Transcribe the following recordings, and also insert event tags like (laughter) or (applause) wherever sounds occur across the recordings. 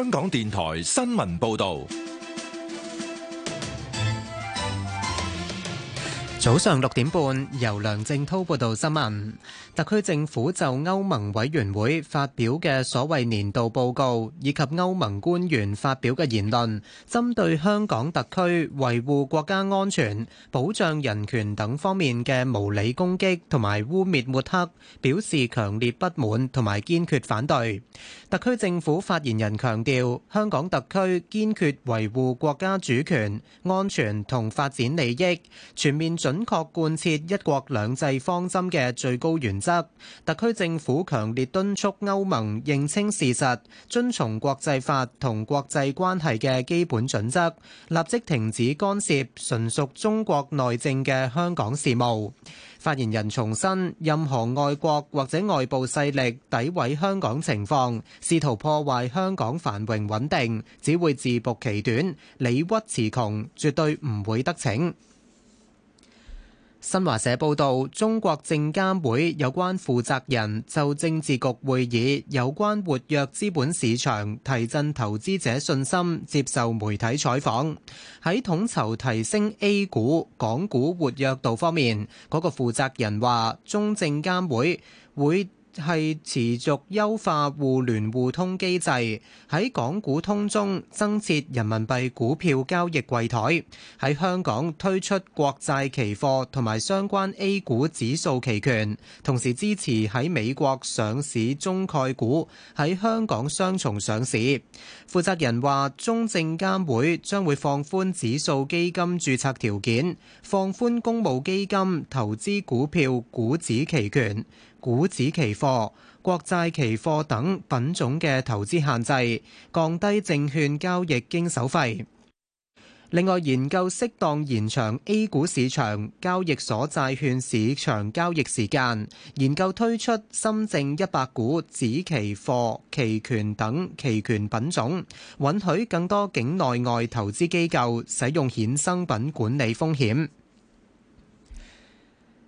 香港電台新聞報道。早上六點半，由梁正滔報道新聞。特區政府就歐盟委員會發表嘅所謂年度報告，以及歐盟官員發表嘅言論，針對香港特區維護國家安全、保障人權等方面嘅無理攻擊同埋污蔑抹黑，表示強烈不滿同埋堅決反對。特區政府發言人強調，香港特區堅決維護國家主權、安全同發展利益，全面，準確貫徹一國兩制方針嘅最高原則，特區政府強烈敦促歐盟認清事實，遵從國際法同國際關係嘅基本準則，立即停止干涉純屬中國內政嘅香港事務。發言人重申，任何外國或者外部勢力詆毀香港情況，試圖破壞香港繁榮穩定，只會自暴其短、理屈詞窮，絕對唔會得逞。新華社報道，中國證監會有關負責人就政治局會議有關活躍資本市場提振投資者信心接受媒體採訪，喺統籌提升 A 股、港股活躍度方面，嗰個負責人話中證監會會。係持續優化互聯互通機制，喺港股通中增設人民幣股票交易櫃台，喺香港推出國債期貨同埋相關 A 股指數期權，同時支持喺美國上市中概股，喺香港雙重上市。負責人話中證監會將會放寬指數基金註冊條件，放寬公募基金投資股票股指期權股指期貨、國債期貨等品種嘅投資限制，降低證券交易經手費。另外，研究適當延長 A 股市場交易所債券市場交易時間，研究推出深證一百股指期貨、期權等期權品種，允許更多境內外投資機構使用衍生品管理風險。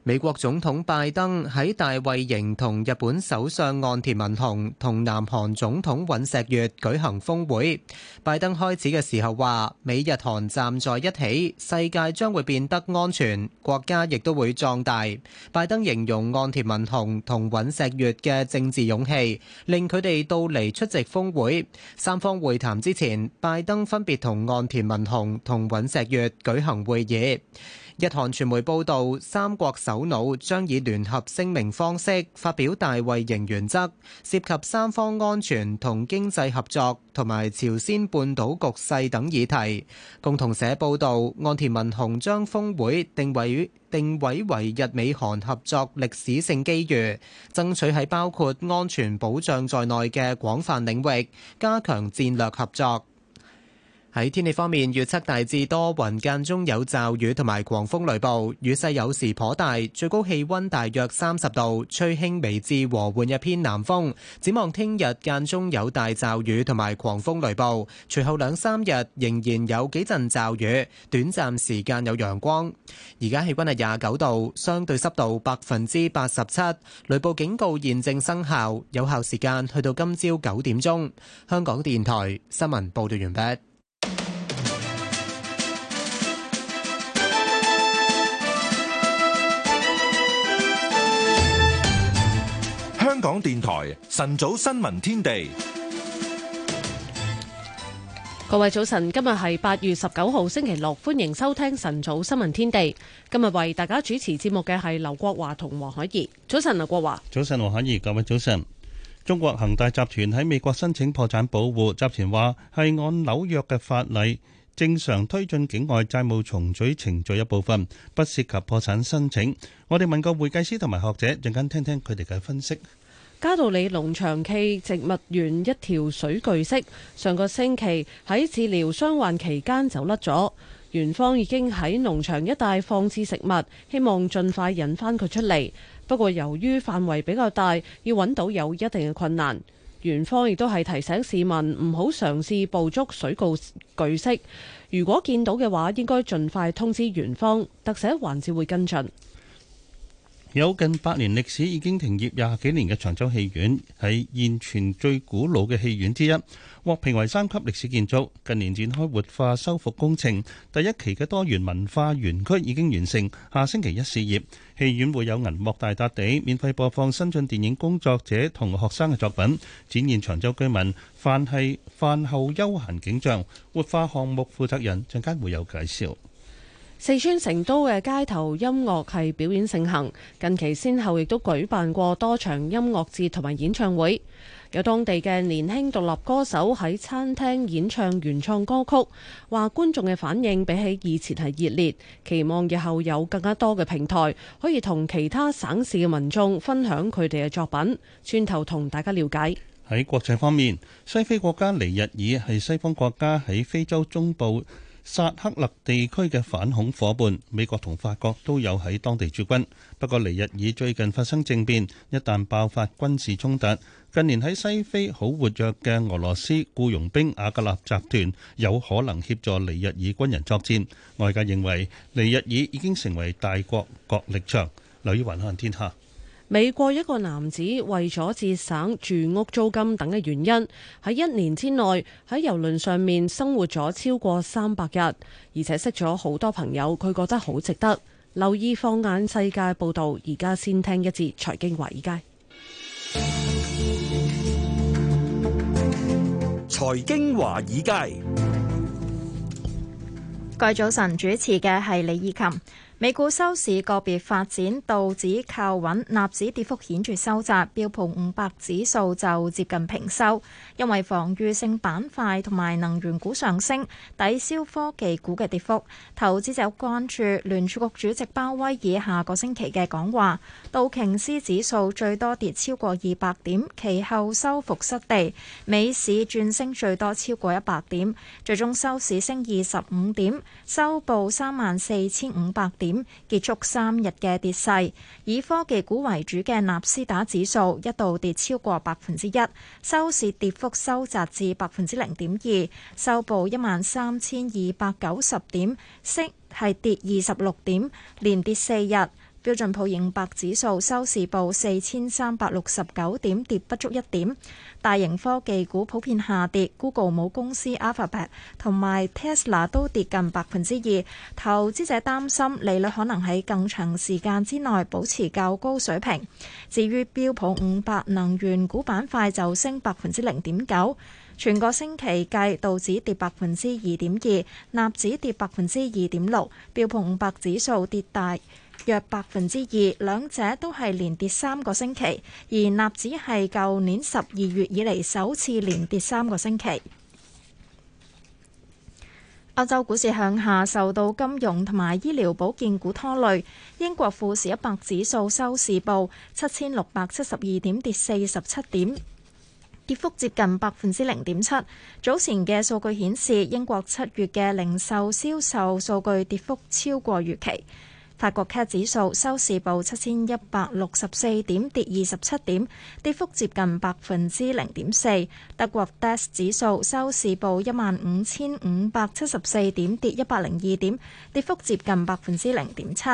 美國總統拜登喺大衛營同日本首相岸田文雄同南韓總統尹錫悅舉行峰會。拜登開始嘅時候話，美日韓站在一起，世界將會變得安全，國家亦都會壯大。拜登形容岸田文雄同尹錫悅嘅政治勇氣，令佢哋到嚟出席峰會。三方會談之前，拜登分別同岸田文雄同尹錫悅舉行會議。日韓傳媒報導，三國首腦將以聯合聲明方式發表大衞營原則，涉及三方安全同經濟合作同埋朝鮮半島局勢等議題。共同社報導，岸田文雄將峰會定位定位為日美韓合作歷史性機遇，爭取喺包括安全保障在內嘅廣泛領域加強戰略合作。喺天氣方面，預測大致多雲間中有驟雨，同埋狂風雷暴，雨勢有時頗大。最高氣溫大約三十度，吹輕微至和緩一偏南風。展望聽日間中有大驟雨同埋狂風雷暴，隨後兩三日仍然有幾陣驟雨，短暫時間有陽光。而家氣溫係廿九度，相對濕度百分之八十七，雷暴警告現正生效，有效時間去到今朝九點鐘。香港電台新聞報道完畢。港電台晨早新聞天地，各位早晨，今日係八月十九號星期六，歡迎收聽晨早新聞天地。今日為大家主持節目嘅係劉國華同黃海怡。早晨，劉國華。早晨，黃海怡。各位早晨。中國恒大集團喺美國申請破產保護，集團話係按紐約嘅法例正常推進境外債務重組程序一部分，不涉及破產申請。我哋問過會計師同埋學者，陣間聽聽佢哋嘅分析。加道里農場暨植物園一條水巨蜥，上個星期喺治療傷患期間就甩咗。園方已經喺農場一帶放置食物，希望盡快引翻佢出嚟。不過由於範圍比較大，要揾到有一定嘅困難。園方亦都係提醒市民唔好嘗試捕捉水巨蜥。如果見到嘅話，應該盡快通知園方。特寫環節會跟進。有近百年歷史、已經停業廿幾年嘅長洲戲院，係現存最古老嘅戲院之一，獲評為三級歷史建築。近年展開活化修復工程，第一期嘅多元文化園區已經完成，下星期一試業。戲院會有銀幕大笪地，免費播放新晉電影工作者同學生嘅作品，展現長洲居民飯係飯後休閒景象。活化項目負責人陣間會有介紹。四川成都嘅街頭音樂係表演盛行，近期先後亦都舉辦過多場音樂節同埋演唱會，有當地嘅年輕獨立歌手喺餐廳演唱原創歌曲，話觀眾嘅反應比起以前係熱烈，期望日後有更加多嘅平台可以同其他省市嘅民眾分享佢哋嘅作品。轉頭同大家了解。喺國際方面，西非國家尼日爾係西方國家喺非洲中部。薩克勒地區嘅反恐伙伴，美國同法國都有喺當地駐軍。不過，尼日爾最近發生政變，一旦爆發軍事衝突，近年喺西非好活躍嘅俄羅斯僱傭兵阿格納集團有可能協助尼日爾軍人作戰。外界認為，尼日爾已經成為大國角力場。留意環看天下。美國一個男子為咗節省住屋租金等嘅原因，喺一年之內喺郵輪上面生活咗超過三百日，而且識咗好多朋友，佢覺得好值得。留意放眼世界報道，而家先聽一節財經華爾街。財經華爾街，各位早晨，主持嘅係李以琴。美股收市個別發展，道指靠穩，納指跌幅顯著收窄，標普五百指數就接近平收。因為防禦性板塊同埋能源股上升，抵消科技股嘅跌幅。投資者關注聯儲局主席鮑威爾下個星期嘅講話。道瓊斯指數最多跌超過二百點，其後收復失地，美市轉升最多超過一百點，最終收市升二十五點，收報三萬四千五百點。結束三日嘅跌勢，以科技股為主嘅納斯達指數一度跌超過百分之一，收市跌幅收窄至百分之零點二，收報一萬三千二百九十點，息係跌二十六點，連跌四日。標準普爾五百指數收市報四千三百六十九點，跌不足一點。大型科技股普遍下跌，Google 母公司 Alphabet 同埋 Tesla 都跌近百分之二。投資者擔心利率可能喺更長時間之內保持較高水平。至於標普五百能源股板塊就升百分之零點九，全個星期計道指跌百分之二點二，納指跌百分之二點六，標普五百指數跌大。約百分之二，兩者都係連跌三個星期，而納指係舊年十二月以嚟首次連跌三個星期。歐洲股市向下，受到金融同埋醫療保健股拖累。英國富時一百指數收市報七千六百七十二點，跌四十七點，跌幅接近百分之零點七。早前嘅數據顯示，英國七月嘅零售銷售數據跌幅超過預期。法國 CAC 指數收市報七千一百六十四點，跌二十七點，跌幅接近百分之零點四。德國 DAX 指數收市報一萬五千五百七十四點，跌一百零二點，跌幅接近百分之零點七。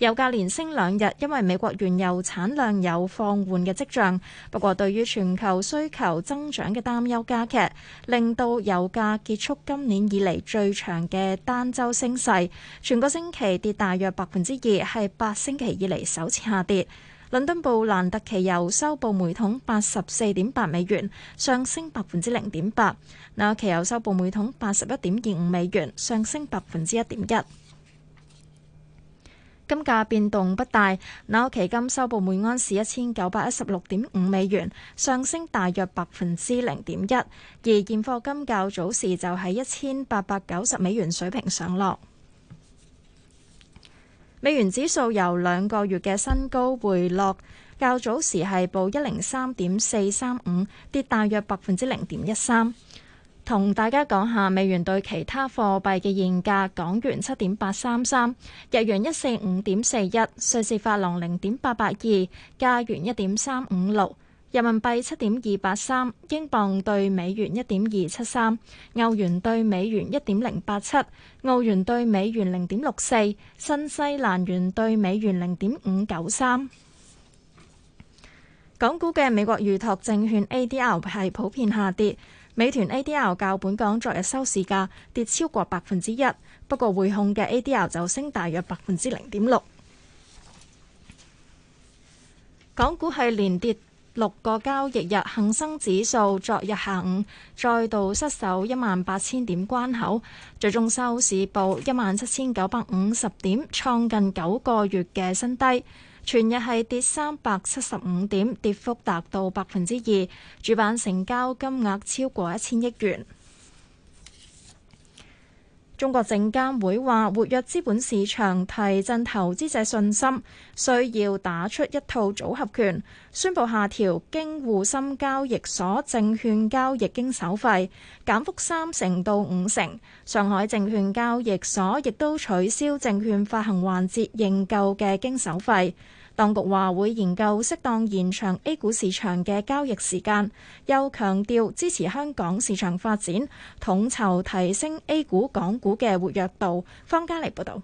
油價連升兩日，因為美國原油產量有放緩嘅跡象。不過，對於全球需求增長嘅擔憂加劇，令到油價結束今年以嚟最長嘅單週升勢，全個星期跌大約百分之二，係八星期以嚟首次下跌。倫敦布蘭特期油收報每桶八十四點八美元，上升百分之零點八。那期油收報每桶八十一點二五美元，上升百分之一點一。金價變動不大，紐期金收報每安士一千九百一十六點五美元，上升大約百分之零點一。而現貨金較早時就喺一千八百九十美元水平上落，美元指數由兩個月嘅新高回落，較早時係報一零三點四三五，跌大約百分之零點一三。同大家講下美元對其他貨幣嘅現價：港元七點八三三，日元一四五點四一，瑞士法郎零點八八二，加元一點三五六，人民幣七點二八三，英鎊兌美元一點二七三，歐元兌美元一點零八七，澳元兌美元零點六四，新西蘭元兌美元零點五九三。港股嘅美國預託證券 ADR 係普遍下跌。美團 A D R 較本港昨日收市價跌超過百分之一，不過匯控嘅 A D R 就升大約百分之零點六。港股係連跌六個交易日，恒生指數昨日下午再度失守一萬八千點關口，最終收市報一萬七千九百五十點，創近九個月嘅新低。全日係跌三百七十五點，跌幅達到百分之二，主板成交金額超過一千億元。中國證監會話：活躍資本市場、提振投資者信心，需要打出一套組合拳。宣布下調京滬深交易所證券交易經手費，減幅三成到五成。上海證券交易所亦都取消證券發行環節認購嘅經手費。當局話會研究適當延長 A 股市場嘅交易時間，又強調支持香港市場發展，統籌提升 A 股港股嘅活躍度。方家嚟報道，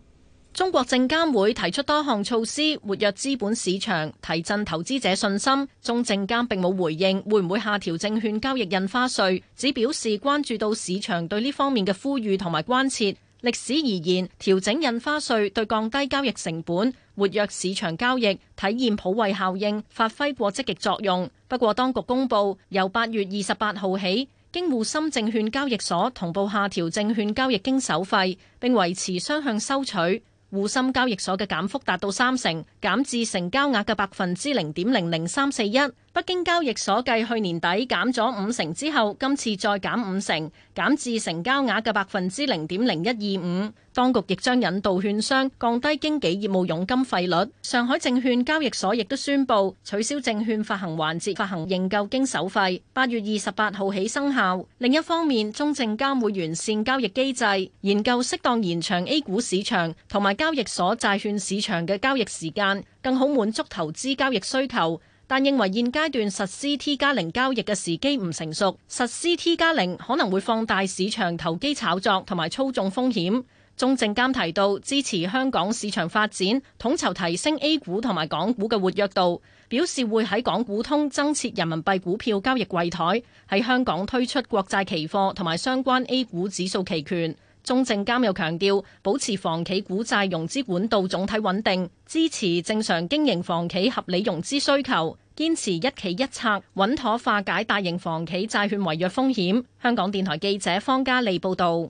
中國證監會提出多項措施活躍資本市場，提振投資者信心。中證監並冇回應會唔會下調證券交易印花稅，只表示關注到市場對呢方面嘅呼籲同埋關切。歷史而言，調整印花稅對降低交易成本、活躍市場交易、體現普惠效應、發揮過積極作用。不過，當局公布由八月二十八號起，經滬深證券交易所同步下調證券交易經手費，並維持雙向收取。滬深交易所嘅減幅達到三成，減至成交額嘅百分之零點零零三四一。北京交易所繼去年底減咗五成之後，今次再減五成，減至成交額嘅百分之零點零一二五。當局亦將引導券商降低經紀業務佣金費率。上海證券交易所亦都宣佈取消證券發行環節發行認購經手費，八月二十八號起生效。另一方面，中證監會完善交易機制，研究適當延長 A 股市場同埋交易所債券市場嘅交易時間，更好滿足投資交易需求。但認為現階段實施 T 加零交易嘅時機唔成熟，實施 T 加零可能會放大市場投機炒作同埋操縱風險。中證監提到支持香港市場發展，統籌提升 A 股同埋港股嘅活躍度，表示會喺港股通增設人民幣股票交易櫃台，喺香港推出國債期貨同埋相關 A 股指數期權。中證監又強調，保持房企股債融資管道總體穩定，支持正常經營房企合理融資需求，堅持一企一策，穩妥化解大型房企債券違約風險。香港電台記者方嘉利報導。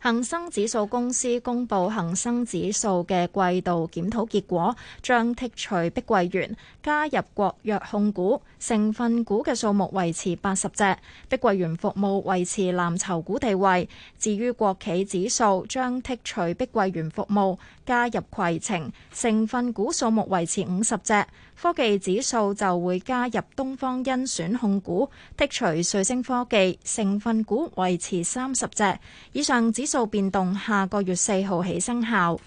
恒生指數公司公布恒生指數嘅季度檢討結果，將剔除碧桂園，加入國藥控股，成分股嘅數目維持八十隻，碧桂園服務維持藍籌股地位。至於國企指數，將剔除碧桂園服務。加入攜程成分股數目維持五十隻，科技指數就會加入東方甄選控股，剔除瑞星科技，成分股維持三十隻。以上指數變動下個月四號起生效。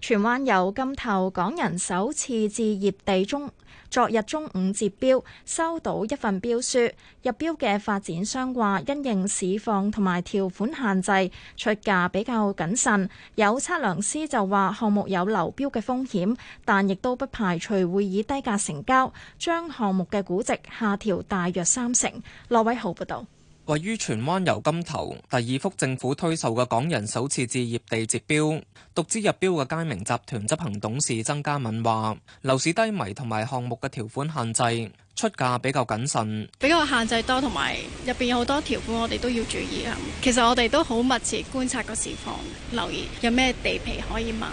荃灣油柑頭港人首次置業地中，中昨日中午截標，收到一份標書。入標嘅發展商話，因應市況同埋條款限制，出價比較謹慎。有測量師就話項目有流標嘅風險，但亦都不排除會以低價成交，將項目嘅估值下調大約三成。羅偉豪報道。位於荃灣油柑頭第二幅政府推售嘅港人首次置業地截標，獨資入標嘅佳明集團執行董事曾家敏話：樓市低迷同埋項目嘅條款限制。出價比較謹慎，比較限制多，同埋入邊有好多條款，我哋都要注意。其實我哋都好密切觀察個市況，留意有咩地皮可以買。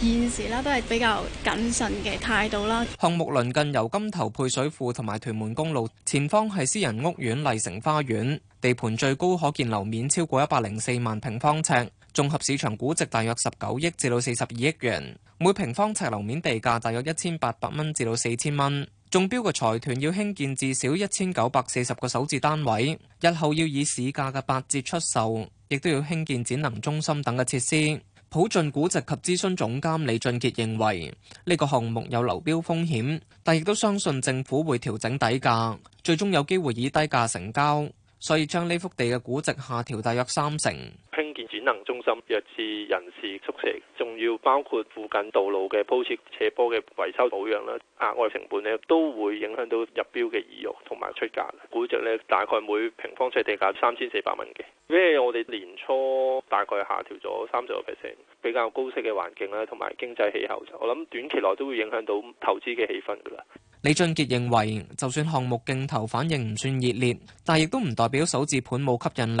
現時啦，都係比較謹慎嘅態度啦。項目鄰近油柑頭配水庫同埋屯門公路，前方係私人屋苑麗城花園。地盤最高可建樓面超過一百零四萬平方尺，綜合市場估值大約十九億至到四十二億元，每平方尺樓面地價大約一千八百蚊至到四千蚊。中標嘅財團要興建至少一千九百四十個首置單位，日後要以市價嘅八折出售，亦都要興建展能中心等嘅設施。普進估值及諮詢總監李俊杰認為呢、這個項目有流標風險，但亦都相信政府會調整底價，最終有機會以低價成交，所以將呢幅地嘅估值下調大約三成。興建展能中心、弱智人士宿舍，仲要包括附近道路嘅鋪設斜坡嘅維修保養啦。額外成本咧都會影響到入標嘅意欲同埋出價。估值咧大概每平方尺地價三千四百蚊嘅。因為我哋年初大概下調咗三十個 percent，比較高息嘅環境啦，同埋經濟氣候，我諗短期內都會影響到投資嘅氣氛噶啦。李俊傑認為，就算項目競投反應唔算熱烈，但亦都唔代表首置盤冇吸引力。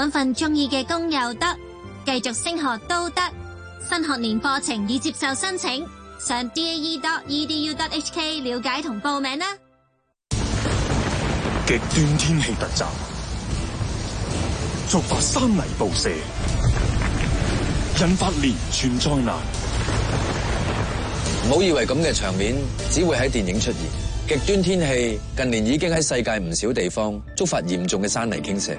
搵份中意嘅工又得，繼續升學都得。新學年課程已接受申請，上 d a e dot e d u dot h k 了解同報名啦。極端天氣突襲，觸發山泥暴射，引發連串災難。唔好以為咁嘅場面只會喺電影出現。極端天氣近年已經喺世界唔少地方觸發嚴重嘅山泥傾瀉。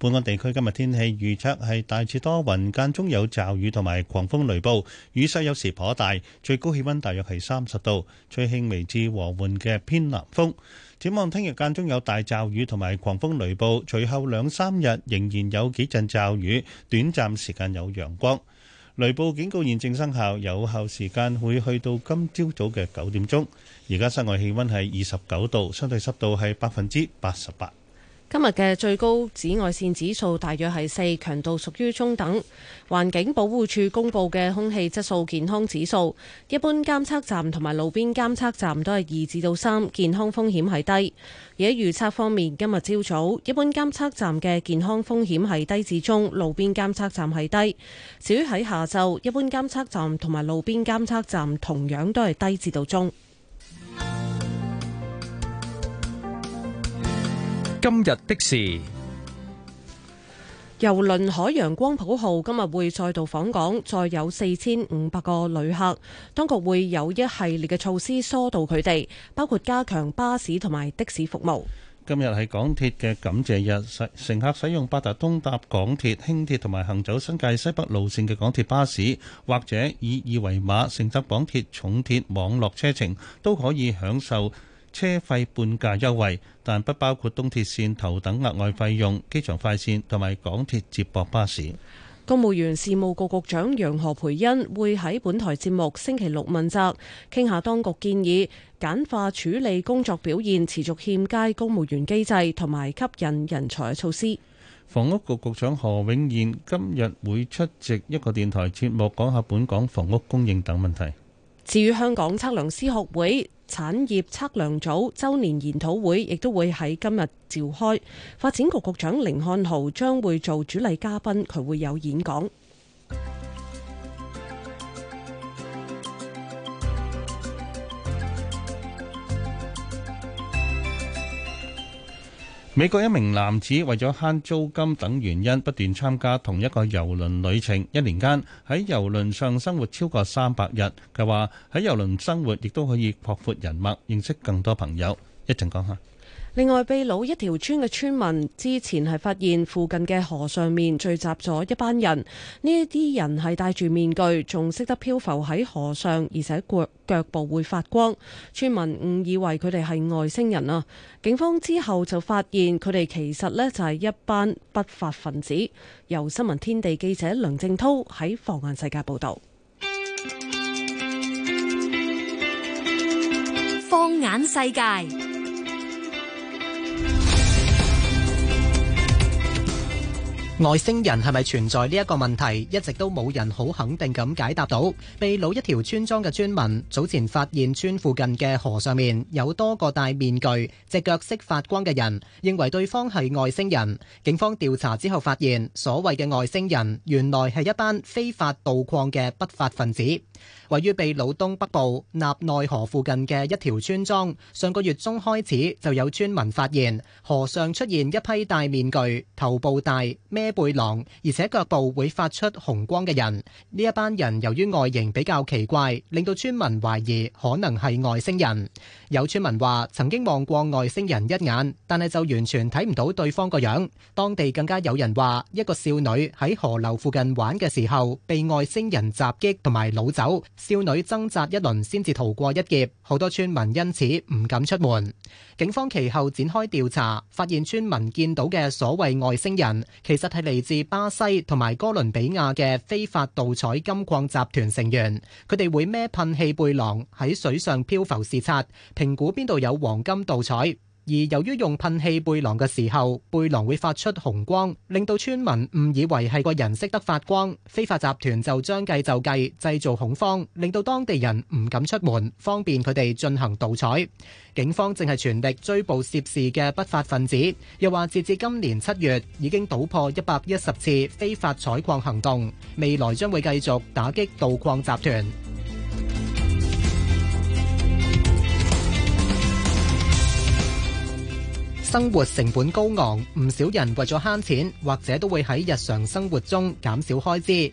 本港地區今日天氣預測係大致多雲，間中有驟雨同埋狂風雷暴，雨勢有時頗大，最高氣溫大約係三十度，吹輕微至和緩嘅偏南風。展望聽日間中有大驟雨同埋狂風雷暴，隨後兩三日仍然有幾陣驟雨，短暫時間有陽光。雷暴警告現正生效，有效時間會去到今朝早嘅九點鐘。而家室外氣溫係二十九度，相對濕度係百分之八十八。今日嘅最高紫外線指數大約係四，強度屬於中等。環境保護署公布嘅空氣質素健康指數，一般監測站同埋路邊監測站都係二至到三，3, 健康風險係低。而喺預測方面，今日朝早一般監測站嘅健康風險係低至中，路邊監測站係低。至於喺下晝，一般監測站同埋路邊監測站同樣都係低至到中。今日的士，郵輪海洋光譜號今日會再度訪港，再有四千五百個旅客。當局會有一系列嘅措施疏導佢哋，包括加強巴士同埋的士服務。今日係港鐵嘅感謝日，使乘客使用八達通搭港鐵、輕鐵同埋行走新界西北路綫嘅港鐵巴士，或者以二維碼乘搭港鐵、重鐵網絡車程，都可以享受。車費半價優惠，但不包括東鐵線頭等額外費用、機場快線同埋港鐵接駁巴士。公務員事務局局長楊何培恩會喺本台節目星期六問責，傾下當局建議簡化處理工作表現持續欠佳公務員機制同埋吸引人才措施。房屋局局長何永賢今日會出席一個電台節目，講下本港房屋供應等問題。至於香港測量師學會，產業測量組周年研討會亦都會喺今日召開，發展局局長甯漢豪將會做主禮嘉賓，佢會有演講。美國一名男子為咗慳租金等原因，不斷參加同一個郵輪旅程，一年間喺郵輪上生活超過三百日。佢話喺郵輪生活亦都可以擴闊人脈，認識更多朋友。一陣講下。另外，秘魯一條村嘅村民之前係發現附近嘅河上面聚集咗一班人，呢一啲人係戴住面具，仲識得漂浮喺河上，而且腳腳部會發光。村民誤以為佢哋係外星人啊！警方之後就發現佢哋其實呢就係一班不法分子。由新聞天地記者梁正濤喺放眼世界報道。放眼世界。外星人係咪存在呢一個問題，一直都冇人好肯定咁解答到。秘魯一條村莊嘅村民早前發現村附近嘅河上面有多個戴面具、隻腳識發光嘅人，認為對方係外星人。警方調查之後發現，所謂嘅外星人原來係一班非法盜礦嘅不法分子。位於秘魯東北部納內河附近嘅一條村莊，上個月中開始就有村民發現河上出現一批戴面具、頭部大、孭背囊，而且腳部會發出紅光嘅人。呢一班人由於外形比較奇怪，令到村民懷疑可能係外星人。有村民話曾經望過外星人一眼，但係就完全睇唔到對方個樣。當地更加有人話，一個少女喺河流附近玩嘅時候被外星人襲擊同埋擄走，少女掙扎一輪先至逃過一劫。好多村民因此唔敢出門。警方其後展開調查，發現村民見到嘅所謂外星人其實係嚟自巴西同埋哥倫比亞嘅非法盜採金礦集團成員，佢哋會孭噴氣背囊喺水上漂浮視察。評估邊度有黃金盜採，而由於用噴氣背囊嘅時候，背囊會發出紅光，令到村民誤以為係個人識得發光，非法集團就將計就計，製造恐慌，令到當地人唔敢出門，方便佢哋進行盜採。警方正係全力追捕涉事嘅不法分子，又話截至今年七月已經搗破一百一十次非法採礦行動，未來將會繼續打擊盜礦集團。生活成本高昂，唔少人為咗慳錢，或者都會喺日常生活中減少開支。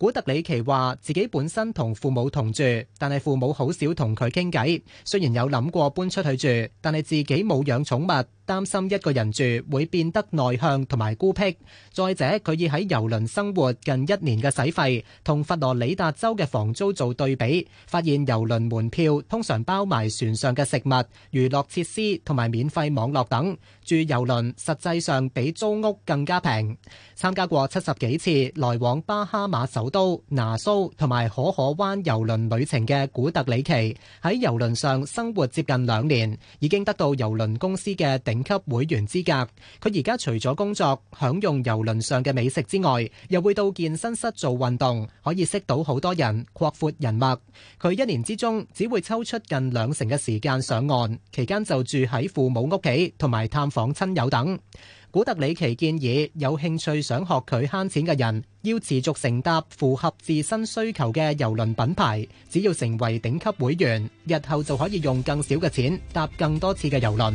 古特里奇話：自己本身同父母同住，但係父母好少同佢傾偈。雖然有諗過搬出去住，但係自己冇養寵物，擔心一個人住會變得內向同埋孤僻。再者，佢已喺郵輪生活近一年嘅使費，同佛羅里達州嘅房租做對比，發現郵輪門票通常包埋船上嘅食物、娛樂設施同埋免費網絡等，住郵輪實際上比租屋更加平。參加過七十幾次來往巴哈馬島。都拿蘇同埋可可灣郵輪旅程嘅古特里奇喺郵輪上生活接近兩年，已經得到郵輪公司嘅頂級會員資格。佢而家除咗工作，享用郵輪上嘅美食之外，又會到健身室做運動，可以識到好多人，擴闊人脈。佢一年之中只會抽出近兩成嘅時間上岸，期間就住喺父母屋企同埋探訪親友等。古特里奇建議，有興趣想學佢慳錢嘅人，要持續乘搭符合自身需求嘅郵輪品牌。只要成為頂級會員，日後就可以用更少嘅錢搭更多次嘅郵輪。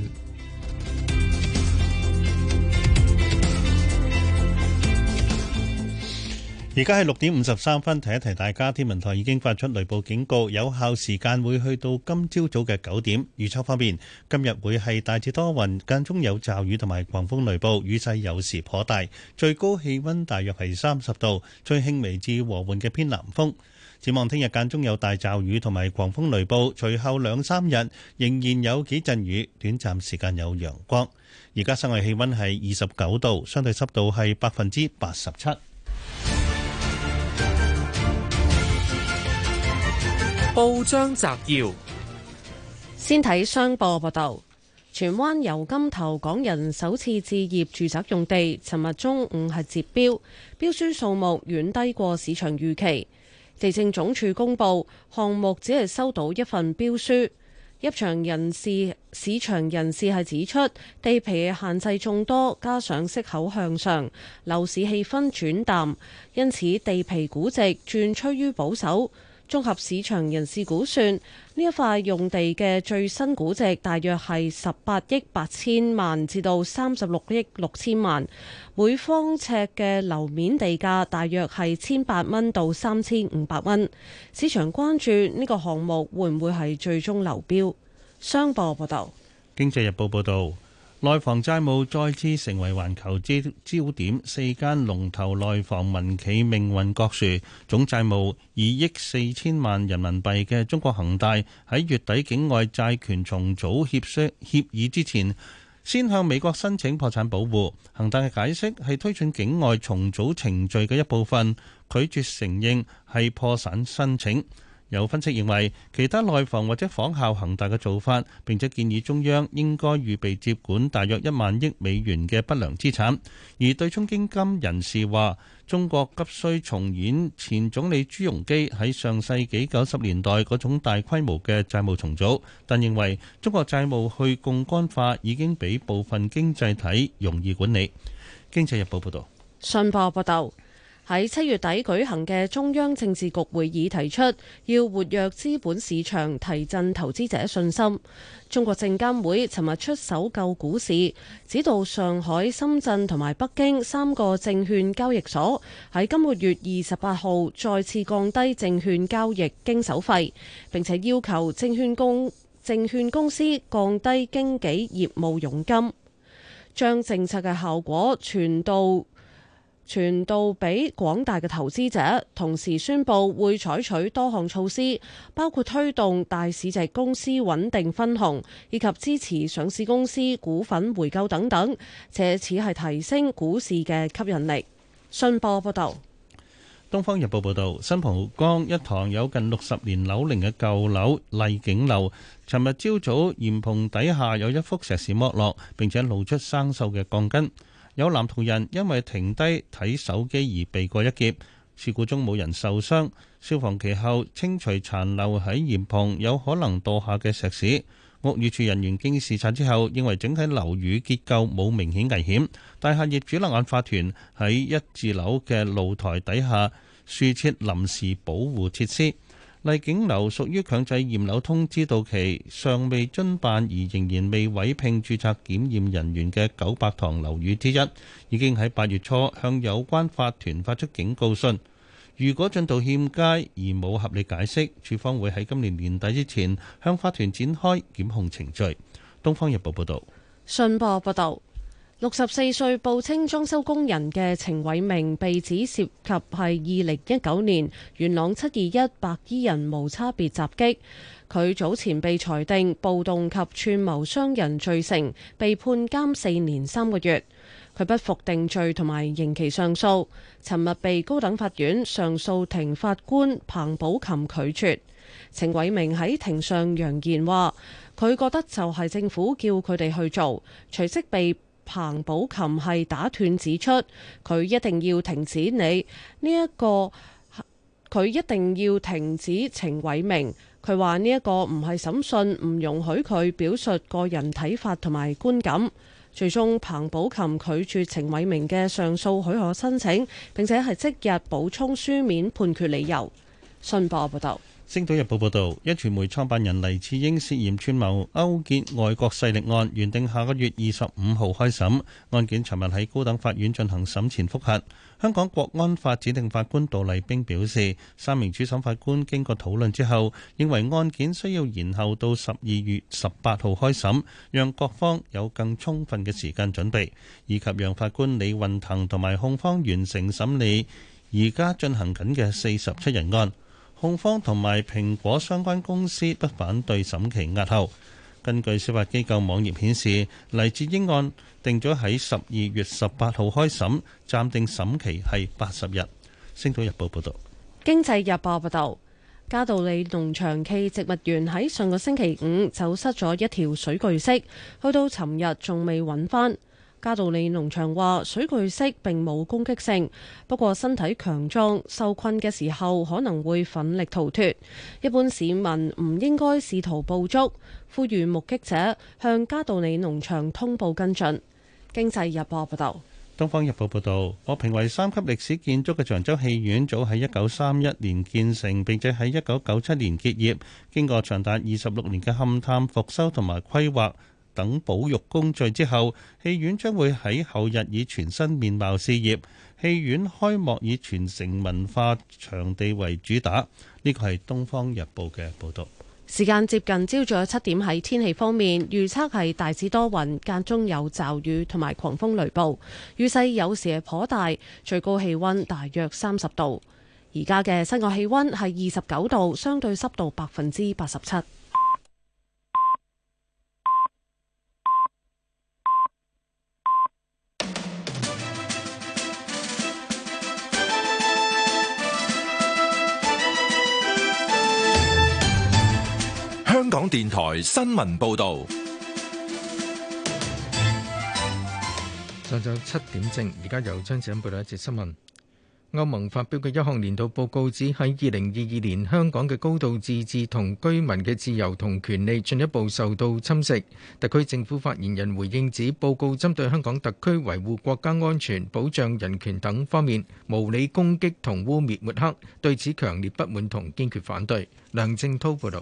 而家係六點五十三分，提一提大家，天文台已經發出雷暴警告，有效時間會去到今朝早嘅九點。預測方面，今日會係大致多雲，間中有驟雨同埋狂風雷暴，雨勢有時頗大，最高氣温大約係三十度，吹輕微至和緩嘅偏南風。展望聽日間中有大驟雨同埋狂風雷暴，隨後兩三日仍然有幾陣雨，短暫時間有陽光。而家室外氣温係二十九度，相對濕度係百分之八十七。報章摘要：先睇商報報道：荃灣油柑頭港人首次置業住宅用地，尋日中午係截標，標書數目遠低過市場預期。地政總署公布，項目只係收到一份標書。入場人士、市場人士係指出，地皮限制眾多，加上息口向上，樓市氣氛轉淡，因此地皮估值轉趨於保守。綜合市場人士估算，呢一塊用地嘅最新估值大約係十八億八千萬至到三十六億六千萬，每方尺嘅樓面地價大約係千八蚊到三千五百蚊。市場關注呢個項目會唔會係最終流標？商報報道，經濟日報報道。內房債務再次成為環球焦點，四間龍頭內房民企命運各殊。總債務二億四千萬人民幣嘅中國恒大喺月底境外債權重組協商協議之前，先向美國申請破產保護。恒大嘅解釋係推進境外重組程序嘅一部分，拒絕承認係破產申請。有分析認為，其他內房或者仿效恒大嘅做法，並且建議中央應該預備接管大約一萬億美元嘅不良資產。而對沖基金人士話，中國急需重演前總理朱鎔基喺上世紀九十年代嗰種大規模嘅債務重組，但認為中國債務去槓桿化已經比部分經濟體容易管理。經濟日報報道，信報報道。喺七月底舉行嘅中央政治局會議提出，要活躍資本市場，提振投資者信心。中國證監會尋日出手救股市，指導上海、深圳同埋北京三個證券交易所喺今個月二十八號再次降低證券交易經手費，並且要求證券公證券公司降低經紀業務佣金，將政策嘅效果傳到傳到俾廣大嘅投資者，同時宣布會採取多項措施，包括推動大市值公司穩定分紅，以及支持上市公司股份回購等等，借此係提升股市嘅吸引力。信報報道：「東方日報報道，新蒲崗一幢有近六十年樓齡嘅舊樓麗景樓，尋日朝早檐篷底下有一幅石屎剝落，並且露出生鏽嘅鋼筋。有男途人因為停低睇手機而避過一劫，事故中冇人受傷。消防其後清除殘留喺簷篷有可能墮下嘅石屎，屋宇署人員經視察之後認為整體樓宇結構冇明顯危險。大廈業主立案法團喺一字樓嘅露台底下樹設臨時保護設施。麗景樓屬於強制驗樓通知到期，尚未遵辦而仍然未委聘注冊檢驗人員嘅九百幢樓宇之一，已經喺八月初向有關法團發出警告信。如果進度欠佳而冇合理解釋，處方會喺今年年底之前向法團展開檢控程序。東方日報報道，信報報道。六十四歲報稱裝修工人嘅程偉明被指涉及喺二零一九年元朗七二一白衣人無差別襲擊。佢早前被裁定暴動及串謀傷人罪成，被判監四年三個月。佢不服定罪同埋刑期上訴，尋日被高等法院上訴庭法官彭寶琴拒絕。程偉明喺庭上揚言話：佢覺得就係政府叫佢哋去做，隨即被。彭寶琴係打斷指出，佢一定要停止你呢一個，佢一定要停止程偉明。佢話呢一個唔係審訊，唔容許佢表述個人睇法，同埋觀感。最終，彭寶琴拒絕程偉明嘅上訴許可申請，並且係即日補充書面判決理由。信報報道。《星島日報》報導，一傳媒創辦人黎智英涉嫌串謀勾結外國勢力案，原定下個月二十五號開審，案件尋日喺高等法院進行審前覆核。香港國安法指定法官杜麗冰表示，三名主審法官經過討論之後，認為案件需要延後到十二月十八號開審，讓各方有更充分嘅時間準備，以及讓法官李運騰同埋控方完成審理，而家進行緊嘅四十七人案。控方同埋蘋果相關公司不反對審期押後。根據司法機構網頁顯示，黎智英案定咗喺十二月十八號開審，暫定審期係八十日。星島日報報道。經濟日報報道，嘉道理農場暨植，植物園喺上個星期五走失咗一條水巨蜥，去到尋日仲未搵返。嘉道理農場話：水巨蜥並冇攻擊性，不過身體強壯，受困嘅時候可能會奮力逃脫。一般市民唔應該試圖捕捉。呼籲目擊者向嘉道理農場通報跟進。經濟日報報道：《東方日報》報道，被評為三級歷史建築嘅長洲戲院，早喺一九三一年建成，並且喺一九九七年結業，經過長達二十六年嘅勘探、復修同埋規劃。等保育工序之後，戲院將會喺後日以全新面貌試業。戲院開幕以全城文化場地為主打。呢個係《東方日報》嘅報道。時間接近朝早七點，喺天氣方面預測係大致多雲間中有驟雨同埋狂風雷暴，雨勢有時係頗大，最高氣温大約三十度。而家嘅室外氣温係二十九度，相對濕度百分之八十七。香港電台新聞報道，上晝七點正，而家由張志欣報道一節新聞。歐盟發表嘅一項年度報告指，喺二零二二年，香港嘅高度自治同居民嘅自由同權利進一步受到侵蝕。特區政府發言人回應指，報告針對香港特區維護國家安全、保障人權等方面無理攻擊同污蔑抹黑，對此強烈不滿同堅決反對。梁正濤報道。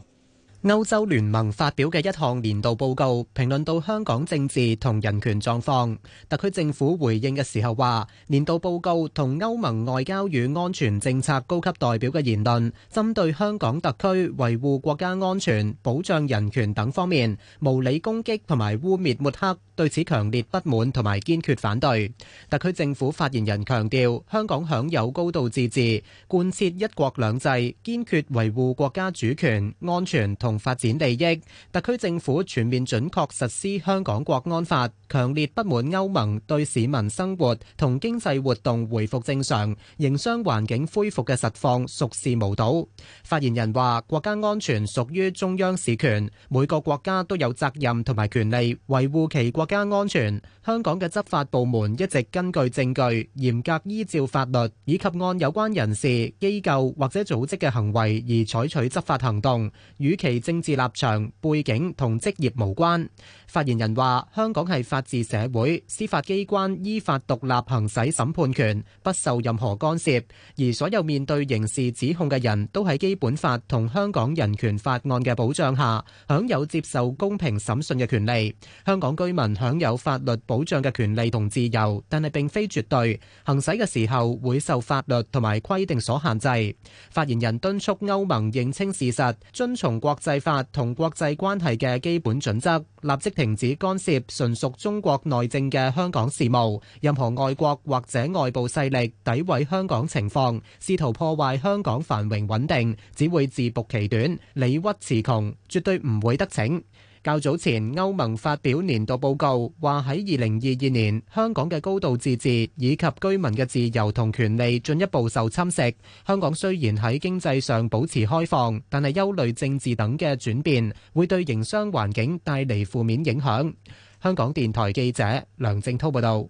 歐洲聯盟發表嘅一項年度報告，評論到香港政治同人權狀況。特區政府回應嘅時候話，年度報告同歐盟外交與安全政策高級代表嘅言論，針對香港特區維護國家安全、保障人權等方面無理攻擊同埋污蔑抹黑，對此強烈不滿同埋堅決反對。特區政府發言人強調，香港享有高度自治，貫徹一國兩制，堅決維護國家主權、安全同發展利益，特區政府全面準確實施香港國安法，強烈不滿歐盟對市民生活同經濟活動回復正常、營商環境恢復嘅實況，熟視無睹。發言人話：國家安全屬於中央事權，每個國家都有責任同埋權利維護其國家安全。香港嘅執法部門一直根據證據，嚴格依照法律以及按有關人士、機構或者組織嘅行為而採取執法行動，與其。政治立場背景同職業無關。發言人話：香港係法治社會，司法機關依法獨立行使審判權，不受任何干涉。而所有面對刑事指控嘅人都喺基本法同香港人權法案嘅保障下，享有接受公平審訊嘅權利。香港居民享有法律保障嘅權利同自由，但係並非絕對，行使嘅時候會受法律同埋規定所限制。發言人敦促歐盟認清事實，遵從國際法同國際關係嘅基本準則，立即停。停止干涉純屬中國內政嘅香港事務，任何外國或者外部勢力詆毀香港情況，試圖破壞香港繁榮穩定，只會自曝其短、理屈詞窮，絕對唔會得逞。較早前，歐盟發表年度報告，話喺二零二二年，香港嘅高度自治以及居民嘅自由同權利進一步受侵蝕。香港雖然喺經濟上保持開放，但係憂慮政治等嘅轉變會對營商環境帶嚟負面影響。香港電台記者梁正濤報道。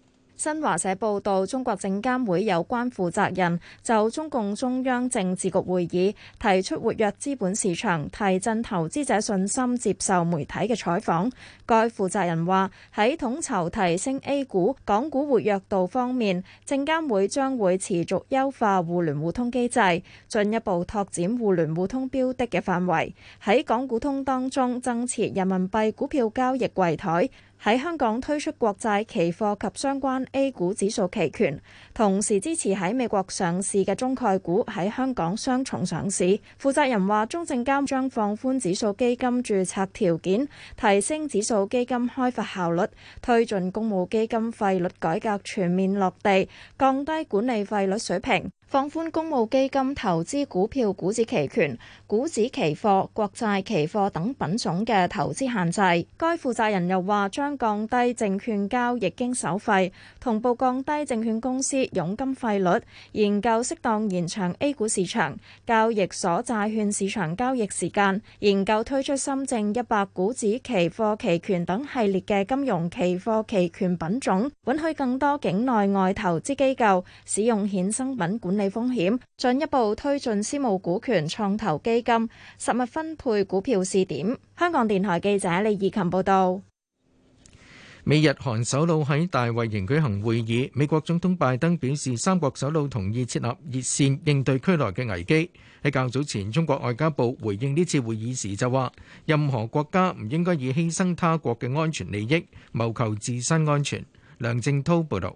新華社報道，中國證監會有關負責人就中共中央政治局會議提出活躍資本市場、提振投資者信心接受媒體嘅採訪。該負責人話：喺統籌提升 A 股、港股活躍度方面，證監會將會持續優化互聯互通機制，進一步拓展互聯互通標的嘅範圍，喺港股通當中增設人民幣股票交易櫃台。喺香港推出國債期貨及相關 A 股指數期權，同時支持喺美國上市嘅中概股喺香港雙重上市。負責人話，中證監將放寬指數基金註冊條件，提升指數基金開發效率，推進公募基金費率改革全面落地，降低管理費率水平。放寬公募基金投資股票、股指期權、股指期貨、國債期貨等品種嘅投資限制。該負責人又話將降低證券交易經手費，同步降低證券公司佣金費率，研究適當延長 A 股市場交易所債券市場交易時間，研究推出深證一百股指期貨期權等系列嘅金融期貨期權品種，允許更多境內外投資機構使用衍生品管理風險，進一步推進私募股權創投基金實物分配股票試點。香港電台記者李義琴報道。美日韓首腦喺大衛營舉行會議，美國總統拜登表示，三國首腦同意設立熱線應對區內嘅危機。喺較早前，中國外交部回應呢次會議時就話，任何國家唔應該以犧牲他國嘅安全利益謀求自身安全。梁正濤報道。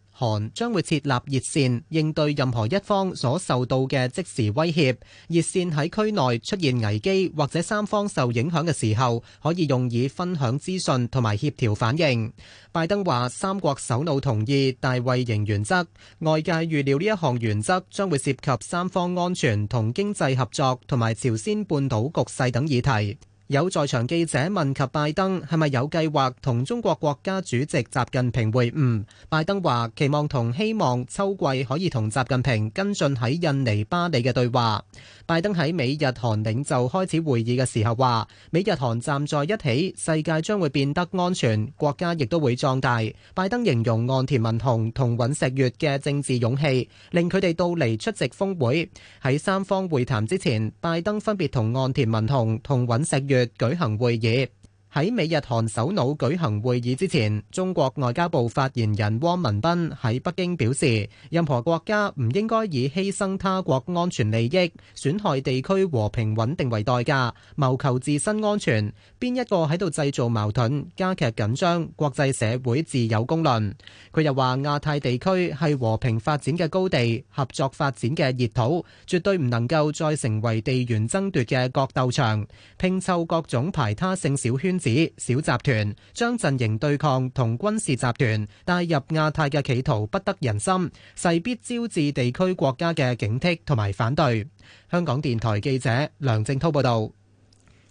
韓將會設立熱線應對任何一方所受到嘅即時威脅，熱線喺區內出現危機或者三方受影響嘅時候，可以用以分享資訊同埋協調反應。拜登話，三國首腦同意大衛營原則，外界預料呢一項原則將會涉及三方安全同經濟合作同埋朝鮮半島局勢等議題。有在場記者問及拜登係咪有計劃同中國國家主席習近平會晤，拜登話期望同希望秋季可以同習近平跟進喺印尼巴里嘅對話。拜登喺美日韓領袖開始會議嘅時候話，美日韓站在一起，世界將會變得安全，國家亦都會壯大。拜登形容岸田文雄同尹錫悅嘅政治勇氣，令佢哋到嚟出席峰會。喺三方會談之前，拜登分別同岸田文雄同尹錫悅舉行會議。 (laughs) 喺美日韓首腦舉行會議之前，中國外交部發言人汪文斌喺北京表示：任何國家唔應該以犧牲他國安全利益、損害地區和平穩定為代價，謀求自身安全。邊一個喺度製造矛盾、加劇緊張？國際社會自有公論。佢又話：亞太地區係和平發展嘅高地、合作發展嘅熱土，絕對唔能夠再成為地緣爭奪嘅角鬥場、拼湊各種排他性小圈。指小集團將陣營對抗同軍事集團帶入亞太嘅企圖不得人心，勢必招致地區國家嘅警惕同埋反對。香港電台記者梁正濤報導，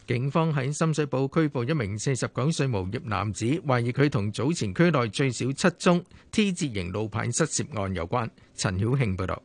警方喺深水埗拘捕一名四十九歲無業男子，懷疑佢同早前區內最少七宗 T 字型路牌失竊案有關。陳曉慶報道。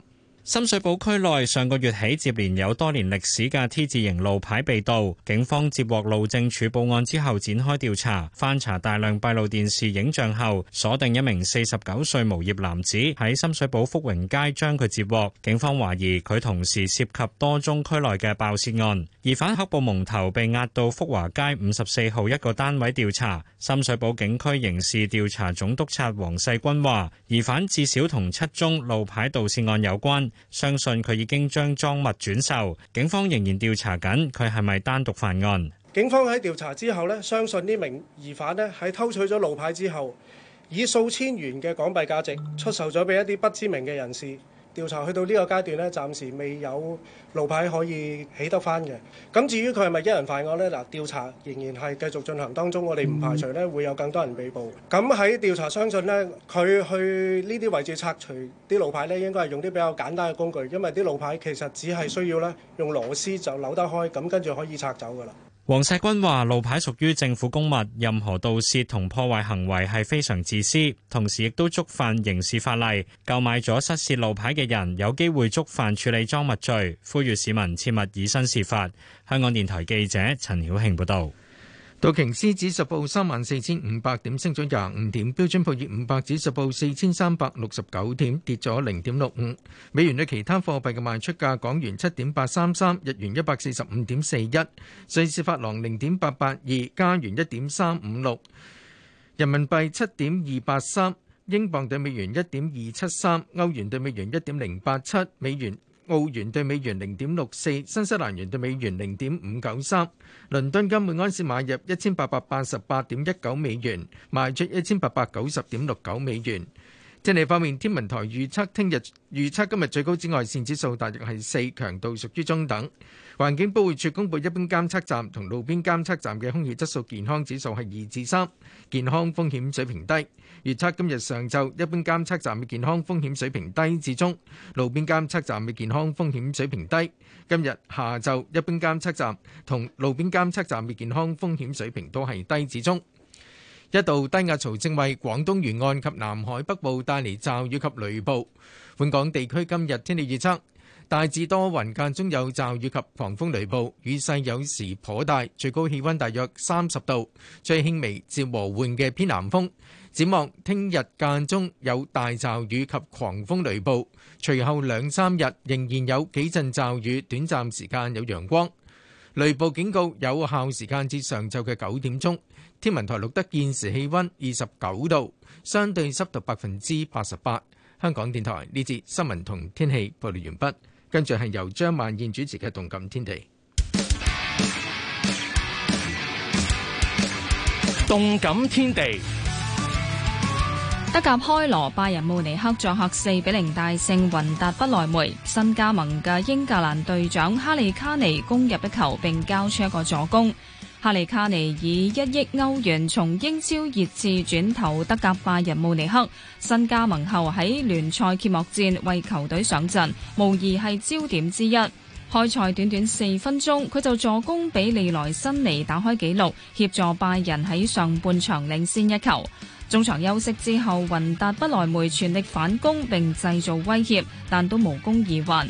深水埗區內上個月起接連有多年歷史嘅 T 字型路牌被盜，警方接獲路政署報案之後，展開調查，翻查大量閉路電視影像後，鎖定一名四十九歲無業男子喺深水埗福榮街將佢接獲。警方懷疑佢同時涉及多宗區內嘅爆竊案，疑犯黑布蒙頭被押到福華街五十四號一個單位調查。深水埗警區刑事調查總督察黃世軍話：疑犯至少同七宗路牌盜竊案有關。相信佢已經將贓物轉售，警方仍然調查緊佢係咪單獨犯案。警方喺調查之後呢，相信呢名疑犯呢喺偷取咗路牌之後，以數千元嘅港幣價值出售咗俾一啲不知名嘅人士。調查去到呢個階段咧，暫時未有路牌可以起得返嘅。咁至於佢係咪一人犯案呢？嗱，調查仍然係繼續進行當中，我哋唔排除咧會有更多人被捕。咁喺調查，相信呢，佢去呢啲位置拆除啲路牌呢，應該係用啲比較簡單嘅工具，因為啲路牌其實只係需要咧用螺絲就扭得開，咁跟住可以拆走㗎啦。黃世軍話：路牌屬於政府公物，任何盜竊同破壞行為係非常自私，同時亦都觸犯刑事法例。購買咗失竊路牌嘅人有機會觸犯處理贓物罪，呼籲市民切勿以身試法。香港電台記者陳曉慶報道。道瓊斯指數報三萬四千五百點，升咗廿五點；標準普爾五百指數報四千三百六十九點，跌咗零點六五。美元對其他貨幣嘅賣出價：港元七點八三三，日元一百四十五點四一，瑞士法郎零點八八二，加元一點三五六，人民幣七點二八三，英鎊對美元一點二七三，歐元對美元一點零八七，美元。澳元兌美元零點六四，新西蘭元兌美元零點五九三，倫敦金每安士買入一千八百八十八點一九美元，賣出一千八百九十點六九美元。天氣方面，天文台預測聽日預測今日最高紫外線指數大約係四，強度屬於中等。環境保護署公布，一般監測站同路邊監測站嘅空氣質素健康指數係二至三，健康風險水平低。預測今日上晝，一般監測站嘅健康風險水平低至中；路邊監測站嘅健康風險水平低。今日下晝，一般監測站同路邊監測站嘅健康風險水平都係低至中。一道低壓槽正為廣東沿岸及南海北部帶嚟驟雨及雷暴。本港地區今日天氣預測。大致多雲，間中有驟雨及狂風雷暴，雨勢有時頗大，最高氣溫大約三十度，吹輕微至和緩嘅偏南風。展望聽日間中有大驟雨及狂風雷暴，隨後兩三日仍然有幾陣驟雨，短暫時間有陽光。雷暴警告有效時間至上晝嘅九點鐘。天文台錄得現時氣溫二十九度，相對濕度百分之八十八。香港電台呢節新聞同天氣報道完畢。跟住係由張曼燕主持嘅《動感天地》。動感天地，德甲開鑼拜仁慕尼克作客四比零大勝雲達不萊梅，新加盟嘅英格蘭隊長哈利卡尼攻入一球，並交出一個助攻。哈利卡尼以一億歐元從英超熱刺轉投德甲拜仁慕尼克，新加盟後喺聯賽揭幕戰為球隊上陣，無疑係焦點之一。開賽短短四分鐘，佢就助攻俾利萊辛尼打開紀錄，協助拜仁喺上半場領先一球。中場休息之後，雲達不萊梅全力反攻並製造威脅，但都無功而還。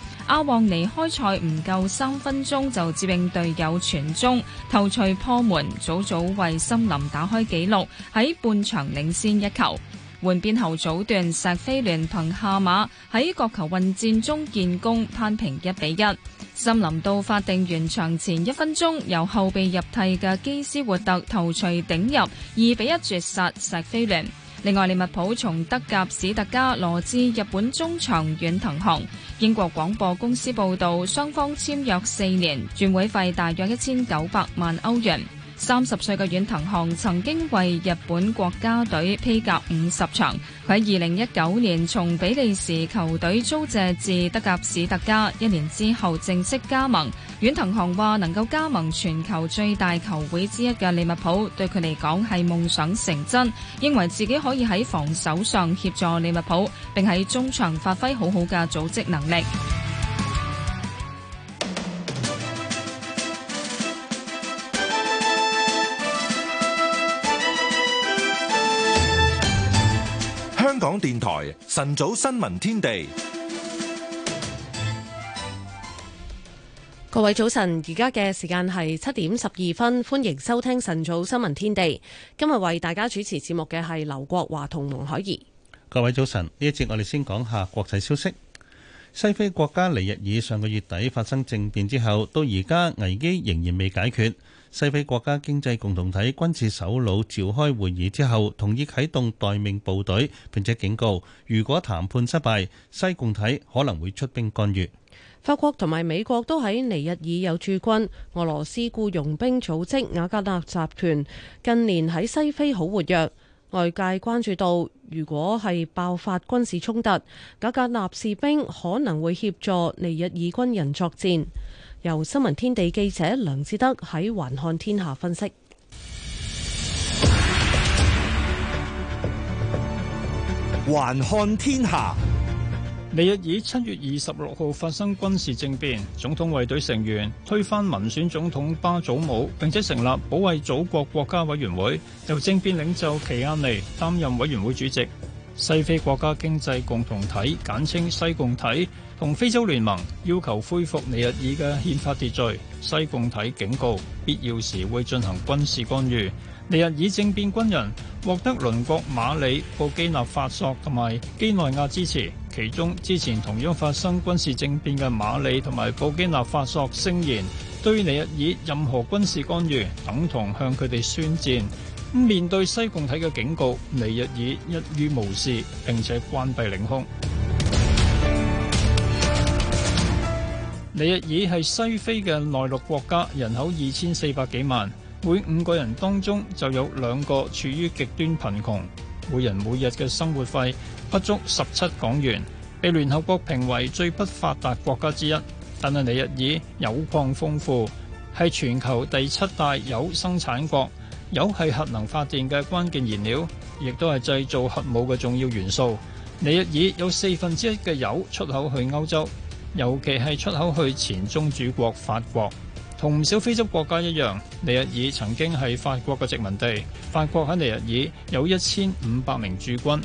阿旺尼開賽唔夠三分鐘就接應隊友傳中，頭槌破門，早早為森林打開紀錄，喺半場領先一球。換邊後早段，石飛聯憑夏馬喺角球混戰中建功，攀平一比一。森林到法定完場前一分鐘，由後備入替嘅基斯活特頭槌頂入，二比一絕殺石飛聯。另外，利物浦從德甲史特加羅致日本中場遠藤航。英國廣播公司報導，雙方簽約四年，轉會費大約一千九百萬歐元。三十歲嘅遠藤航曾經為日本國家隊披甲五十場。佢喺二零一九年從比利時球隊租借至德甲史特加，一年之後正式加盟。遠藤航話能夠加盟全球最大球會之一嘅利物浦，對佢嚟講係夢想成真，認為自己可以喺防守上協助利物浦，並喺中場發揮好好嘅組織能力。電台晨早新聞天地，各位早晨，而家嘅時間係七點十二分，歡迎收聽晨早新聞天地。今日為大家主持節目嘅係劉國華同龍凱儀。各位早晨，呢一節我哋先講下國際消息。西非國家尼日爾上個月底發生政變之後，到而家危機仍然未解決。西非國家經濟共同體軍事首腦召開會議之後，同意啟動待命部隊，並且警告，如果談判失敗，西共體可能會出兵干預。法國同埋美國都喺尼日爾有駐軍，俄羅斯僱傭兵組織瓦格納集團近年喺西非好活躍，外界關注到，如果係爆發軍事衝突，瓦格納士兵可能會協助尼日爾軍人作戰。由新聞天地記者梁志德喺環看天下分析。環看天下，尼日爾七月二十六號發生軍事政變，總統衛隊成員推翻民選總統巴祖姆，並且成立保衛祖國國家委員會，由政變領袖奇安尼擔任委員會主席。西非國家經濟共同體，簡稱西共體。同非洲聯盟要求恢復尼日爾嘅憲法秩序，西共體警告必要時會進行軍事干預。尼日爾政變軍人獲得鄰國馬里、布基納法索同埋幾內亞支持，其中之前同樣發生軍事政變嘅馬里同埋布基納法索聲言對尼日爾任何軍事干預等同向佢哋宣戰。面對西共體嘅警告，尼日爾一於無視並且關閉領空。尼日爾係西非嘅內陸國家，人口二千四百幾萬，每五個人當中就有兩個處於極端貧窮，每人每日嘅生活費不足十七港元，被聯合國評為最不發達國家之一。但係尼日爾鈾礦豐富，係全球第七大鈾生產國，鈾係核能發電嘅關鍵燃料，亦都係製造核武嘅重要元素。尼日爾有四分之一嘅鈾出口去歐洲。尤其係出口去前宗主國法國，同唔少非洲國家一樣。尼日爾曾經係法國嘅殖民地，法國喺尼日爾有一千五百名駐軍。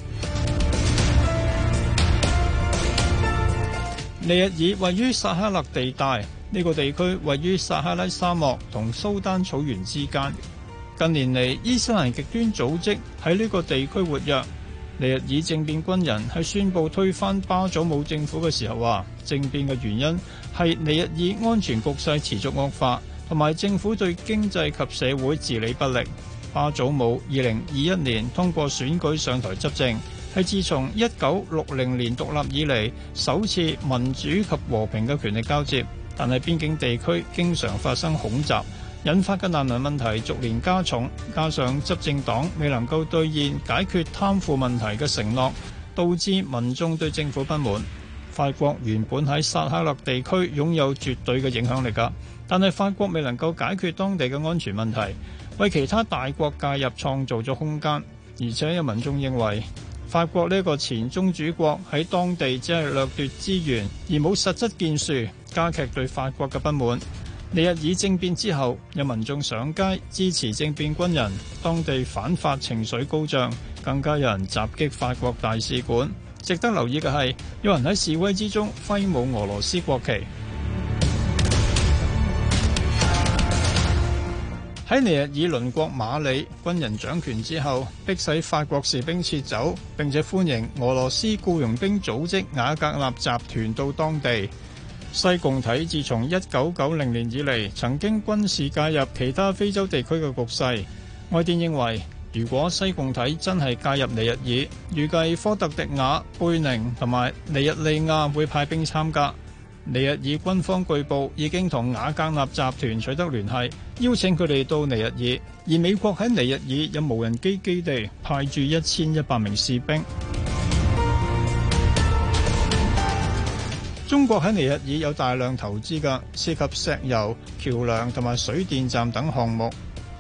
尼日爾位於撒哈勒地帶，呢、這個地區位於撒哈拉沙漠同蘇丹草原之間。近年嚟，伊斯蘭極端組織喺呢個地區活躍。尼日爾政變軍人喺宣佈推翻巴祖姆政府嘅時候話。政變嘅原因係尼日爾安全局勢持續惡化，同埋政府對經濟及社會治理不力。巴祖姆二零二一年通過選舉上台執政，係自從一九六零年獨立以嚟首次民主及和平嘅權力交接。但係邊境地區經常發生恐襲，引發嘅難民問題逐年加重。加上執政黨未能夠兌現解決貪腐問題嘅承諾，導致民眾對政府不滿。法國原本喺薩赫勒地區擁有絕對嘅影響力㗎，但係法國未能夠解決當地嘅安全問題，為其他大國介入創造咗空間，而且有民眾認為法國呢個前宗主國喺當地只係掠奪資源而冇實質建樹，加劇對法國嘅不滿。尼日爾政變之後，有民眾上街支持政變軍人，當地反法情緒高漲，更加有人襲擊法國大使館。值得留意嘅係，有人喺示威之中揮舞俄羅斯國旗。喺 (noise) 尼日爾鄰國馬里，軍人掌權之後，迫使法國士兵撤走，並且歡迎俄羅斯僱傭兵組織瓦格納集團到當地。西共體自從一九九零年以嚟，曾經軍事介入其他非洲地區嘅局勢。外電認為，如果西共體真係介入尼日爾，預計科特迪瓦、貝寧同埋尼日利亞會派兵參加。尼日爾軍方據報已經同瓦格納集團取得聯繫，邀請佢哋到尼日爾。而美國喺尼日爾有無人機基地，派駐一千一百名士兵。中國喺尼日爾有大量投資，嘅涉及石油、橋樑同埋水電站等項目。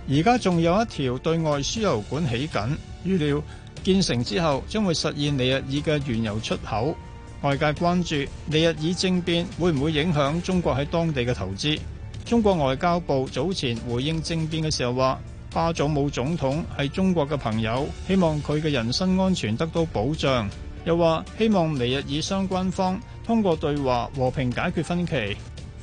而家仲有一條對外輸油管起緊，預料建成之後將會實現尼日爾嘅原油出口。外界關注尼日爾政變會唔會影響中國喺當地嘅投資。中國外交部早前回應政變嘅時候話，巴祖姆總統係中國嘅朋友，希望佢嘅人身安全得到保障，又話希望尼日爾相關方通過對話和平解決分歧。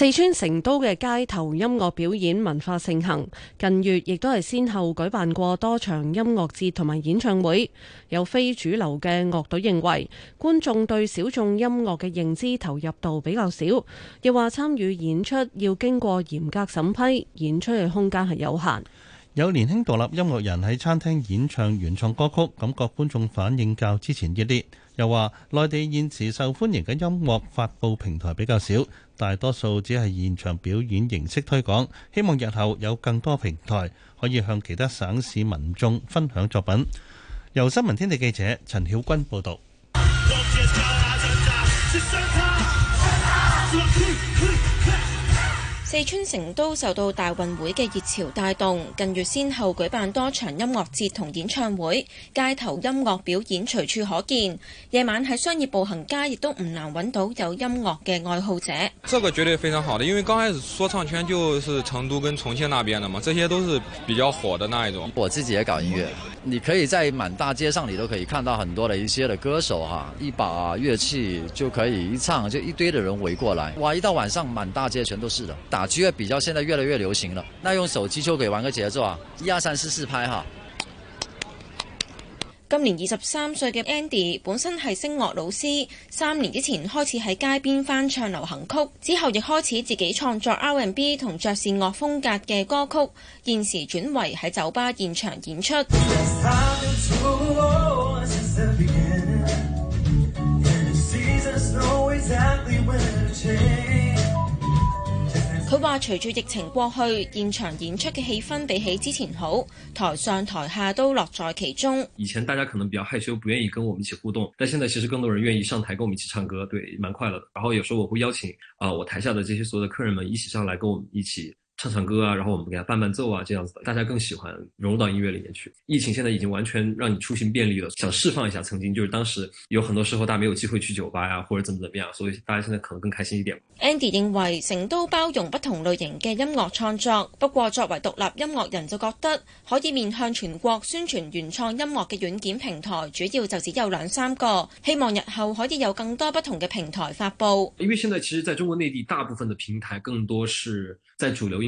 四川成都嘅街頭音樂表演文化盛行，近月亦都係先後舉辦過多場音樂節同埋演唱會。有非主流嘅樂隊認為，觀眾對小眾音樂嘅認知投入度比較少，又話參與演出要經過嚴格審批，演出嘅空間係有限。有年輕獨立音樂人喺餐廳演唱原創歌曲，感覺觀眾反應較之前熱烈。又話，內地現時受歡迎嘅音樂發布平台比較少，大多數只係現場表演形式推廣，希望日後有更多平台可以向其他省市民眾分享作品。由新聞天地記者陳曉君報道。 (music) 四川成都受到大運會嘅熱潮帶動，近月先後舉辦多場音樂節同演唱會，街頭音樂表演隨處可見。夜晚喺商業步行街亦都唔難揾到有音樂嘅愛好者。這個絕對非常好，因為剛開始說唱圈就是成都跟重慶那邊嘛，這些都是比較火的那一種。我自己也搞音樂，你可以在滿大街上，你都可以看到很多的一些的歌手哈，一把樂器就可以一唱，就一堆的人圍過來。哇！一到晚上，滿大街全都是的。打機比較，現在越來越流行了。那用手機就可以玩個節奏啊！一二三四四拍哈。今年二十三歲嘅 Andy 本身係聲樂老師，三年之前開始喺街邊翻唱流行曲，之後亦開始自己創作 R&B 同爵士樂風格嘅歌曲，現時轉為喺酒吧現場演出。 (music) 佢話：他隨住疫情過去，現場演出嘅氣氛比起之前好，台上台下都樂在其中。以前大家可能比較害羞，不願意跟我們一起互動，但現在其實更多人願意上台跟我們一起唱歌，對，蠻快樂的。然後有時候我會邀請啊、呃，我台下的這些所有的客人們一起上來跟我們一起。唱唱歌啊，然後我們給他伴伴奏啊，這樣子的，大家更喜歡融入到音樂裏面去。疫情現在已經完全讓你出行便利了，想釋放一下，曾經就是當時有很多時候大家沒有機會去酒吧呀，或者怎麼怎麼樣，所以大家現在可能更開心一點。Andy 認為成都包容不同類型嘅音樂創作，不過作為獨立音樂人就覺得可以面向全國宣傳原創音樂嘅軟件平台，主要就只有兩三個，希望日後可以有更多不同嘅平台發布。為為發因為現在其實在中國內地，大部分的平台更多是在主流音。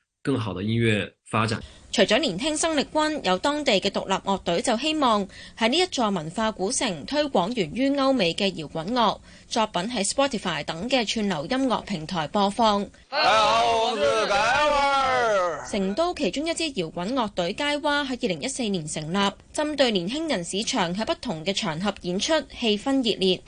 更好的音樂發展。除咗年輕生力軍，有當地嘅獨立樂隊就希望喺呢一座文化古城推廣源於歐美嘅搖滾樂作品，喺 Spotify 等嘅串流音樂平台播放。成都其中一支搖滾樂隊佳娃喺二零一四年成立，針對年輕人市場喺不同嘅場合演出，氣氛熱烈。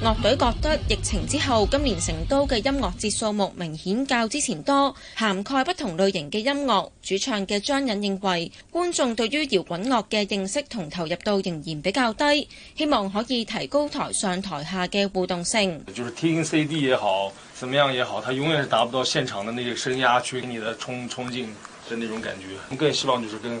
樂隊覺得疫情之後，今年成都嘅音樂節數目明顯較之前多，涵蓋不同類型嘅音樂。主唱嘅張忍認為，觀眾對於搖滾樂嘅認識同投入度仍然比較低，希望可以提高台上台下嘅互動性。就是聽 CD 也好，怎麼樣也好，他永遠是達不到現場的那個聲壓，去你的衝衝勁的那種感覺。我更希望就是跟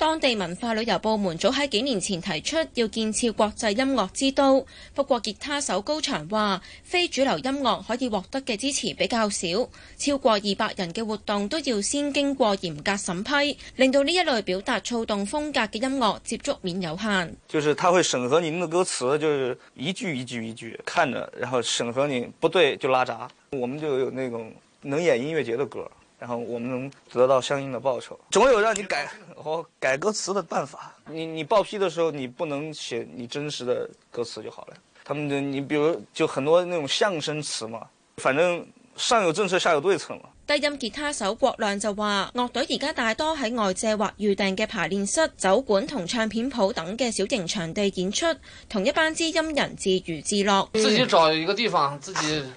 當地文化旅遊部門早喺幾年前提出要建設國際音樂之都，不過吉他手高翔話：非主流音樂可以獲得嘅支持比較少，超過二百人嘅活動都要先經過嚴格審批，令到呢一類表達躁動風格嘅音樂接觸面有限。就是他會審核您的歌詞，就是一句一句一句，一句看着，然後審核你，不對就拉閘。我們就有那種能演音樂節的歌。然後我們能得到相應的報酬，總有讓你改、哦、改歌詞的辦法。你你報批的時候，你不能寫你真實的歌詞就好了。他們就你比如就很多那種相聲詞嘛，反正上有政策，下有對策嘛。低音吉他手郭亮就話，嗯、樂隊而家大多喺外借或預訂嘅排練室、酒館同唱片鋪等嘅小型場地演出，同一班知音人自娛自樂。自己找一個地方，自己、嗯。啊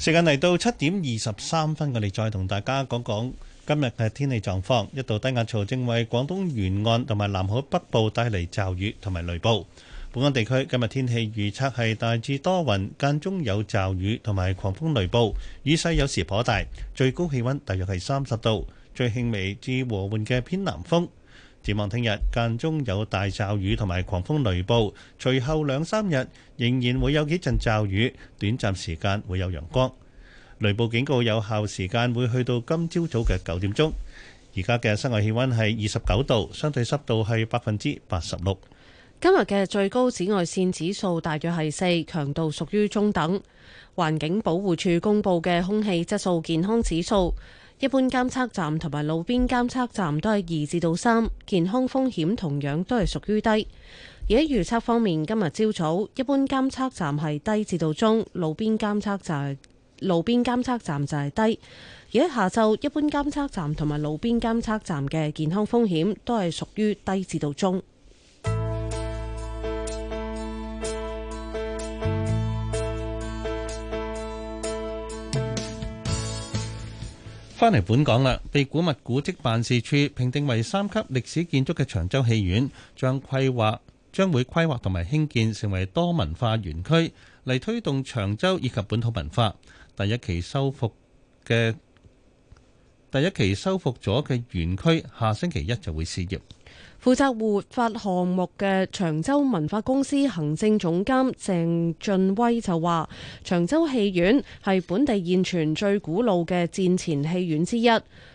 時間嚟到七點二十三分，我哋再同大家講講今日嘅天氣狀況。一道低壓槽正為廣東沿岸同埋南海北部帶嚟驟雨同埋雷暴。本港地區今日天氣預測係大致多雲，間中有驟雨同埋狂風雷暴，雨勢有時頗大，最高氣温大約係三十度，最輕微至和緩嘅偏南風。展望聽日間中有大驟雨同埋狂風雷暴，隨後兩三日仍然會有幾陣驟雨，短暫時間會有陽光。雷暴警告有效時間會去到今朝早嘅九點鐘。而家嘅室外氣温係二十九度，相對濕度係百分之八十六。今日嘅最高紫外線指數大約係四，強度屬於中等。環境保護署公布嘅空氣質素健康指數。一般監測站同埋路邊監測站都係二至到三，健康風險同樣都係屬於低。而喺預測方面，今日朝早一般監測站係低至到中，路邊監測站路邊監測站就係低。而喺下晝，一般監測站同埋路邊監測站嘅健康風險都係屬於低至到中。翻嚟本港啦，被古物古蹟辦事處評定為三級歷史建築嘅長洲戲院，將規劃將會規劃同埋興建成為多文化園區，嚟推動長洲以及本土文化。第一期修復嘅第一期修復咗嘅園區，下星期一就會試業。負責活化項目嘅長洲文化公司行政總監鄭俊威就話，長洲戲院係本地現存最古老嘅戰前戲院之一，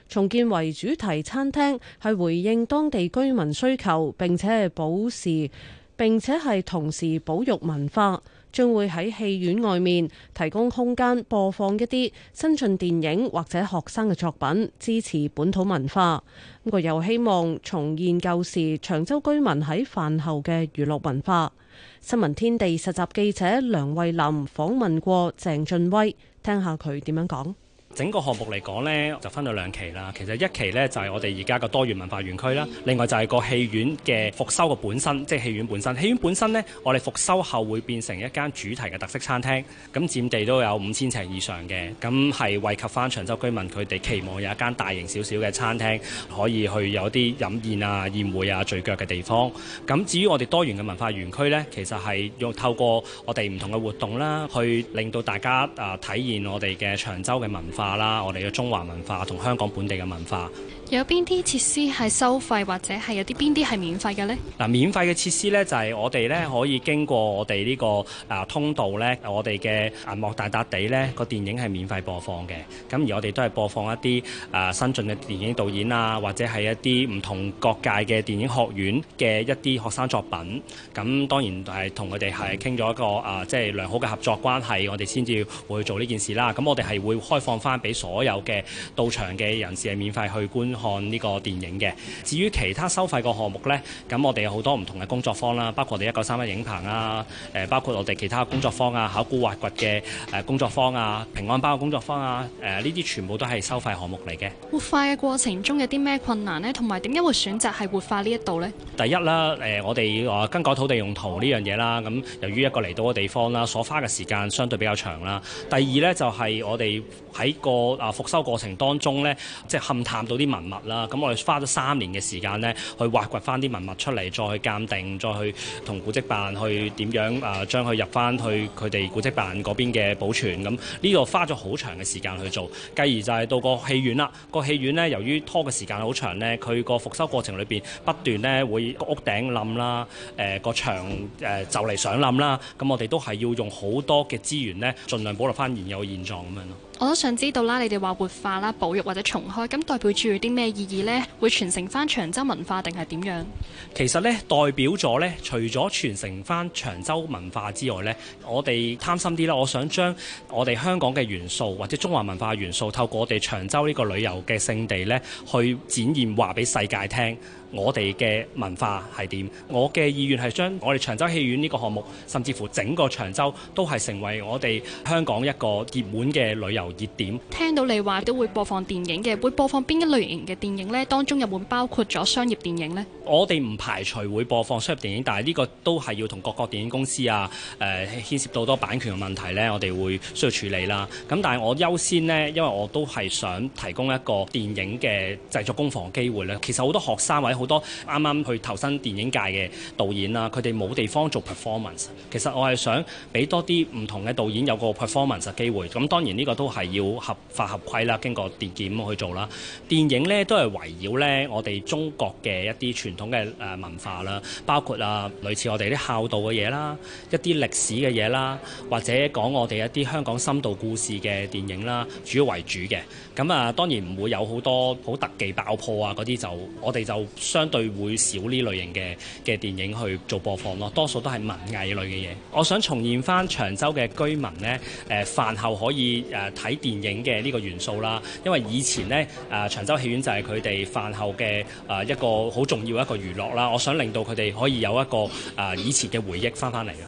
重建為主題餐廳，係回應當地居民需求，並且係保時，並且係同時保育文化。將會喺戲院外面提供空間播放一啲新晉電影或者學生嘅作品，支持本土文化。咁佢又希望重現舊時長洲居民喺飯後嘅娛樂文化。新聞天地實習記者梁慧琳訪問過鄭俊威，聽下佢點樣講。整個項目嚟講咧，就分咗兩期啦。其實一期咧就係、是、我哋而家嘅多元文化園區啦，另外就係個戲院嘅復修嘅本身，即係戲院本身。戲院本身咧，我哋復修後會變成一間主題嘅特色餐廳，咁佔地都有五千尺以上嘅，咁係惠及翻長洲居民，佢哋期望有一間大型少少嘅餐廳可以去有啲飲宴啊、宴會啊、聚腳嘅地方。咁至於我哋多元嘅文化園區咧，其實係用透過我哋唔同嘅活動啦，去令到大家啊、呃、體驗我哋嘅長洲嘅文化。啦，我哋嘅中華文化同香港本地嘅文化。有邊啲設施係收費，或者係有啲邊啲係免費嘅呢？嗱、呃，免費嘅設施呢，就係、是、我哋呢可以經過我哋呢、這個啊、呃、通道呢，我哋嘅銀幕大笪地呢個電影係免費播放嘅。咁而我哋都係播放一啲啊、呃、新晉嘅電影導演啊，或者係一啲唔同各界嘅電影學院嘅一啲學生作品。咁當然係同佢哋係傾咗一個啊、呃、即係良好嘅合作關係，我哋先至會做呢件事啦。咁我哋係會開放翻俾所有嘅到場嘅人士係免費去觀看呢個電影嘅。至於其他收費個項目呢，咁我哋有好多唔同嘅工作坊啦，包括我哋一九三一影棚啊，誒、呃，包括我哋其他工作坊啊，考古挖掘嘅誒工作坊啊，平安包嘅工作坊啊，誒呢啲全部都係收費項目嚟嘅。活化嘅過程中有啲咩困難呢？同埋點解會選擇係活化呢一度呢？第一啦，誒、呃，我哋啊更改土地用途呢樣嘢啦，咁由於一個嚟到嘅地方啦，所花嘅時間相對比較長啦。第二呢，就係、是、我哋喺個、啊、復修過程當中呢，即係勘探到啲文。物啦，咁、嗯、我哋花咗三年嘅時間呢，去挖掘翻啲文物出嚟，再去鑒定，再去同古蹟辦去點樣啊將佢入翻去佢哋古蹟辦嗰邊嘅保存。咁呢度花咗好長嘅時間去做，繼而就係到個戲院啦。個戲院呢由於拖嘅時間好長呢，佢個復修過程裏邊不斷呢會個屋頂冧啦，誒個牆誒就嚟上冧啦。咁、呃嗯、我哋都係要用好多嘅資源呢，盡量保留翻現有現狀咁樣咯。我都想知道啦，你哋話活化啦、保育或者重開，咁代表住啲咩意義咧？會傳承翻長洲文化定係點樣？其實咧，代表咗咧，除咗傳承翻長洲文化之外咧，我哋貪心啲啦，我想將我哋香港嘅元素或者中華文化元素，透過我哋長洲呢個旅遊嘅勝地咧，去展現話俾世界聽。我哋嘅文化係點？我嘅意願係將我哋長洲戲院呢個項目，甚至乎整個長洲都係成為我哋香港一個熱門嘅旅遊熱點。聽到你話都會播放電影嘅，會播放邊一類型嘅電影咧？當中有冇包括咗商業電影咧？我哋唔排除會播放商業電影，但係呢個都係要同各個電影公司啊，誒、呃、牽涉到好多版權嘅問題咧，我哋會需要處理啦。咁但係我優先咧，因為我都係想提供一個電影嘅製作工房機會咧。其實好多學生位好。或者好多啱啱去投身電影界嘅導演啊，佢哋冇地方做 performance。其實我係想俾多啲唔同嘅導演有個 performance 嘅機會。咁當然呢個都係要合法合規啦，經過電檢去做啦。電影咧都係圍繞咧我哋中國嘅一啲傳統嘅誒文化啦，包括啊類似我哋啲孝道嘅嘢啦，一啲歷史嘅嘢啦，或者講我哋一啲香港深度故事嘅電影啦，主要為主嘅。咁啊當然唔會有好多好特技爆破啊嗰啲就我哋就。相對會少呢類型嘅嘅電影去做播放咯，多數都係文藝類嘅嘢。我想重現翻長洲嘅居民呢，誒、呃、飯後可以誒睇、呃、電影嘅呢個元素啦。因為以前呢，誒、呃、長洲戲院就係佢哋飯後嘅誒、呃、一個好重要一個娛樂啦。我想令到佢哋可以有一個誒、呃、以前嘅回憶翻翻嚟嘅。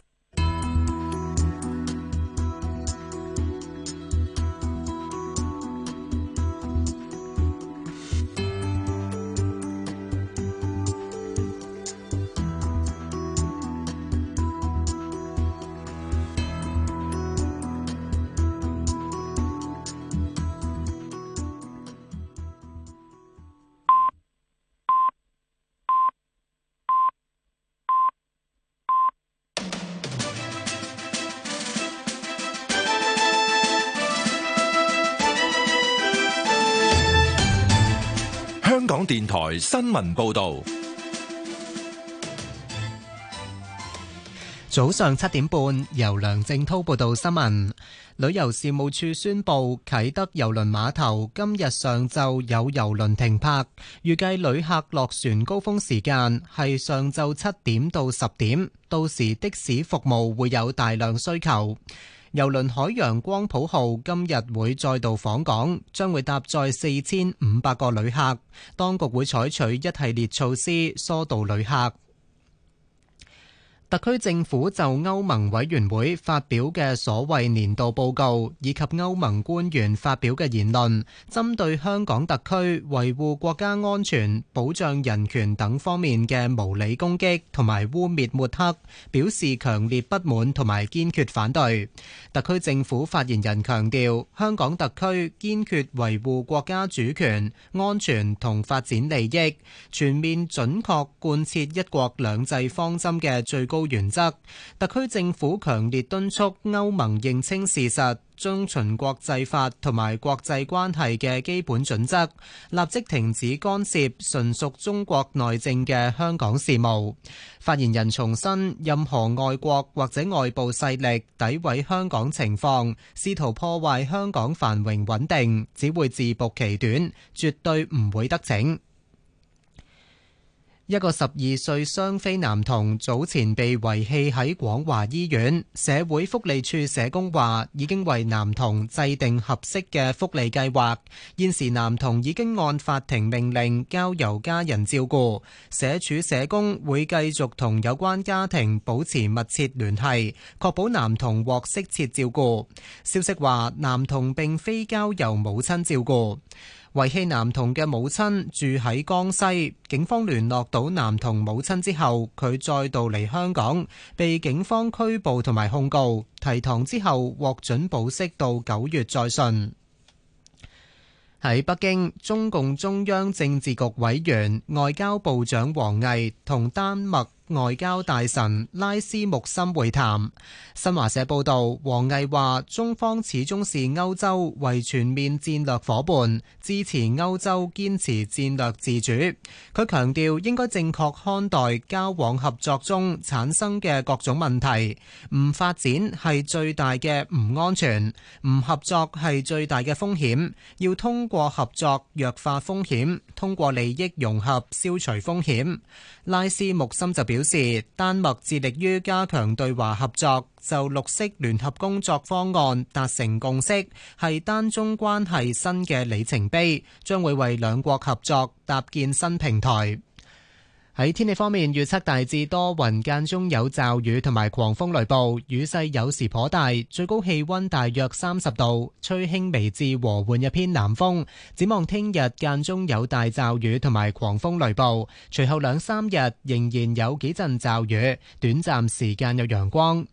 新聞報道。早上七點半，由梁正濤報道新聞。旅遊事務處宣佈啟輪碼，啟德郵輪碼頭今日上晝有郵輪停泊，預計旅客落船高峰時間係上晝七點到十點，到時的士服務會有大量需求。郵輪海洋光譜號今日會再度訪港，將會搭載四千五百個旅客。當局會採取一系列措施疏導旅客。特區政府就歐盟委員會發表嘅所謂年度報告以及歐盟官員發表嘅言論，針對香港特區維護國家安全、保障人權等方面嘅無理攻擊同埋污衊抹黑，表示強烈不滿同埋堅決反對。特區政府發言人強調，香港特區堅決維護國家主權、安全同發展利益，全面準確貫徹一國兩制方針嘅最高原則，特區政府強烈敦促歐盟認清事實，遵循國際法同埋國際關係嘅基本準則，立即停止干涉純屬中國內政嘅香港事務。發言人重申，任何外國或者外部勢力詆毀香港情況，試圖破壞香港繁榮穩定，只會自曝其短，絕對唔會得逞。一個十二歲雙非男童早前被遺棄喺廣華醫院，社會福利處社工話已經為男童制定合適嘅福利計劃。現時男童已經按法庭命令交由家人照顧，社署社工會繼續同有關家庭保持密切聯繫，確保男童獲適切照顧。消息話男童並非交由母親照顧。遺棄男童嘅母親住喺江西，警方聯絡到男童母親之後，佢再度嚟香港，被警方拘捕同埋控告，提堂之後獲准保釋到九月再訊。喺北京，中共中央政治局委員、外交部長王毅同丹麥。外交大臣拉斯穆森會談。新華社報道，王毅話：中方始終視歐洲為全面戰略夥伴，支持歐洲堅持戰略自主。佢強調，應該正確看待交往合作中產生嘅各種問題，唔發展係最大嘅唔安全，唔合作係最大嘅風險。要通過合作弱化風險，通過利益融合消除風險。拉斯穆森就表。表示丹麥致力於加強對華合作，就綠色聯合工作方案達成共識，係丹中關係新嘅里程碑，將會為兩國合作搭建新平台。喺天氣方面，預測大致多雲間中有驟雨同埋狂風雷暴，雨勢有時頗大，最高氣溫大約三十度，吹輕微至和緩一偏南風。展望聽日間中有大驟雨同埋狂風雷暴，隨後兩三日仍然有幾陣驟雨，短暫時間有陽光。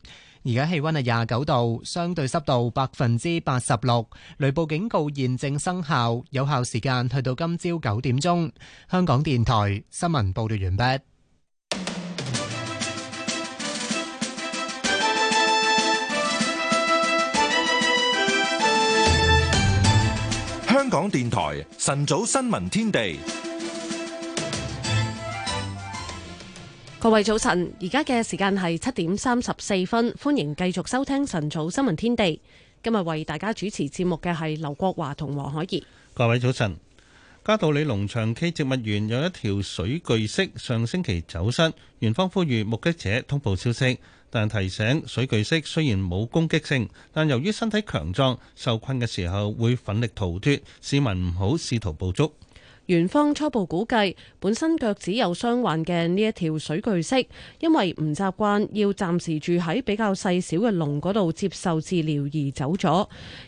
而家氣温係廿九度，相對濕度百分之八十六，雷暴警告現正生效，有效時間去到今朝九點鐘。香港電台新聞報導完畢。香港電台晨早新聞天地。各位早晨，而家嘅時間係七點三十四分，歡迎繼續收聽晨早新聞天地。今日為大家主持節目嘅係劉國華同黃海怡。各位早晨，嘉道理農場暨植物園有一條水巨蜥上星期走失，園方呼籲目擊者通報消息，但提醒水巨蜥雖然冇攻擊性，但由於身體強壯，受困嘅時候會奮力逃脫，市民唔好試圖捕捉。園方初步估計，本身腳趾有傷患嘅呢一條水巨蜥，因為唔習慣要暫時住喺比較細小嘅籠嗰度接受治療而走咗。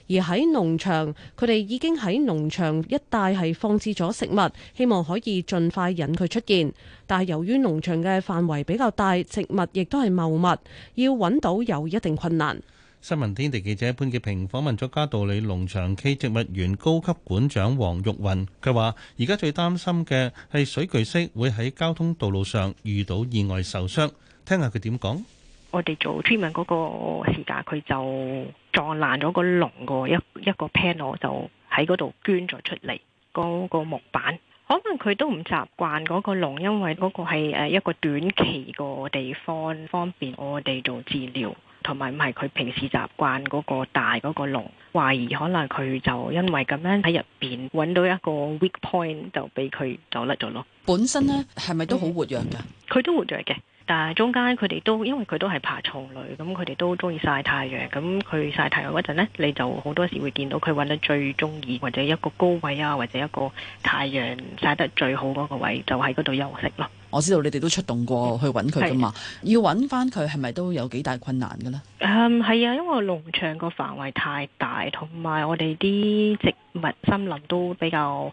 而喺農場，佢哋已經喺農場一帶係放置咗食物，希望可以盡快引佢出現。但係由於農場嘅範圍比較大，植物亦都係茂密，要揾到有一定困難。新聞天地記者潘潔平訪問咗嘉道理農場暨植物園高級館長黃玉雲，佢話：而家最擔心嘅係水巨蜥會喺交通道路上遇到意外受傷。聽下佢點講。我哋做 team 嗰個時間，佢就撞爛咗個籠個一一個 panel，就喺嗰度捐咗出嚟嗰個木板。可能佢都唔習慣嗰個籠，因為嗰個係誒一個短期個地方，方便我哋做治療。同埋唔係佢平時習慣嗰個大嗰個籠，懷疑可能佢就因為咁樣喺入邊揾到一個 weak point，就俾佢走甩咗咯。本身呢係咪都好活躍噶？佢，嗯嗯、都活躍嘅，但係中間佢哋都因為佢都係爬蟲類，咁佢哋都中意曬太陽。咁佢曬太陽嗰陣呢，你就好多時會見到佢揾得最中意或者一個高位啊，或者一個太陽曬得最好嗰個位，就喺嗰度休息咯。我知道你哋都出動過去揾佢㗎嘛，的要揾返佢係咪都有幾大困難嘅呢？嗯，係啊，因為農場個範圍太大，同埋我哋啲植物森林都比較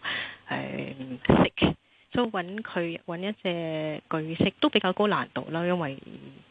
誒、嗯都揾佢揾一隻巨蜥，都比較高難度啦。因為誒、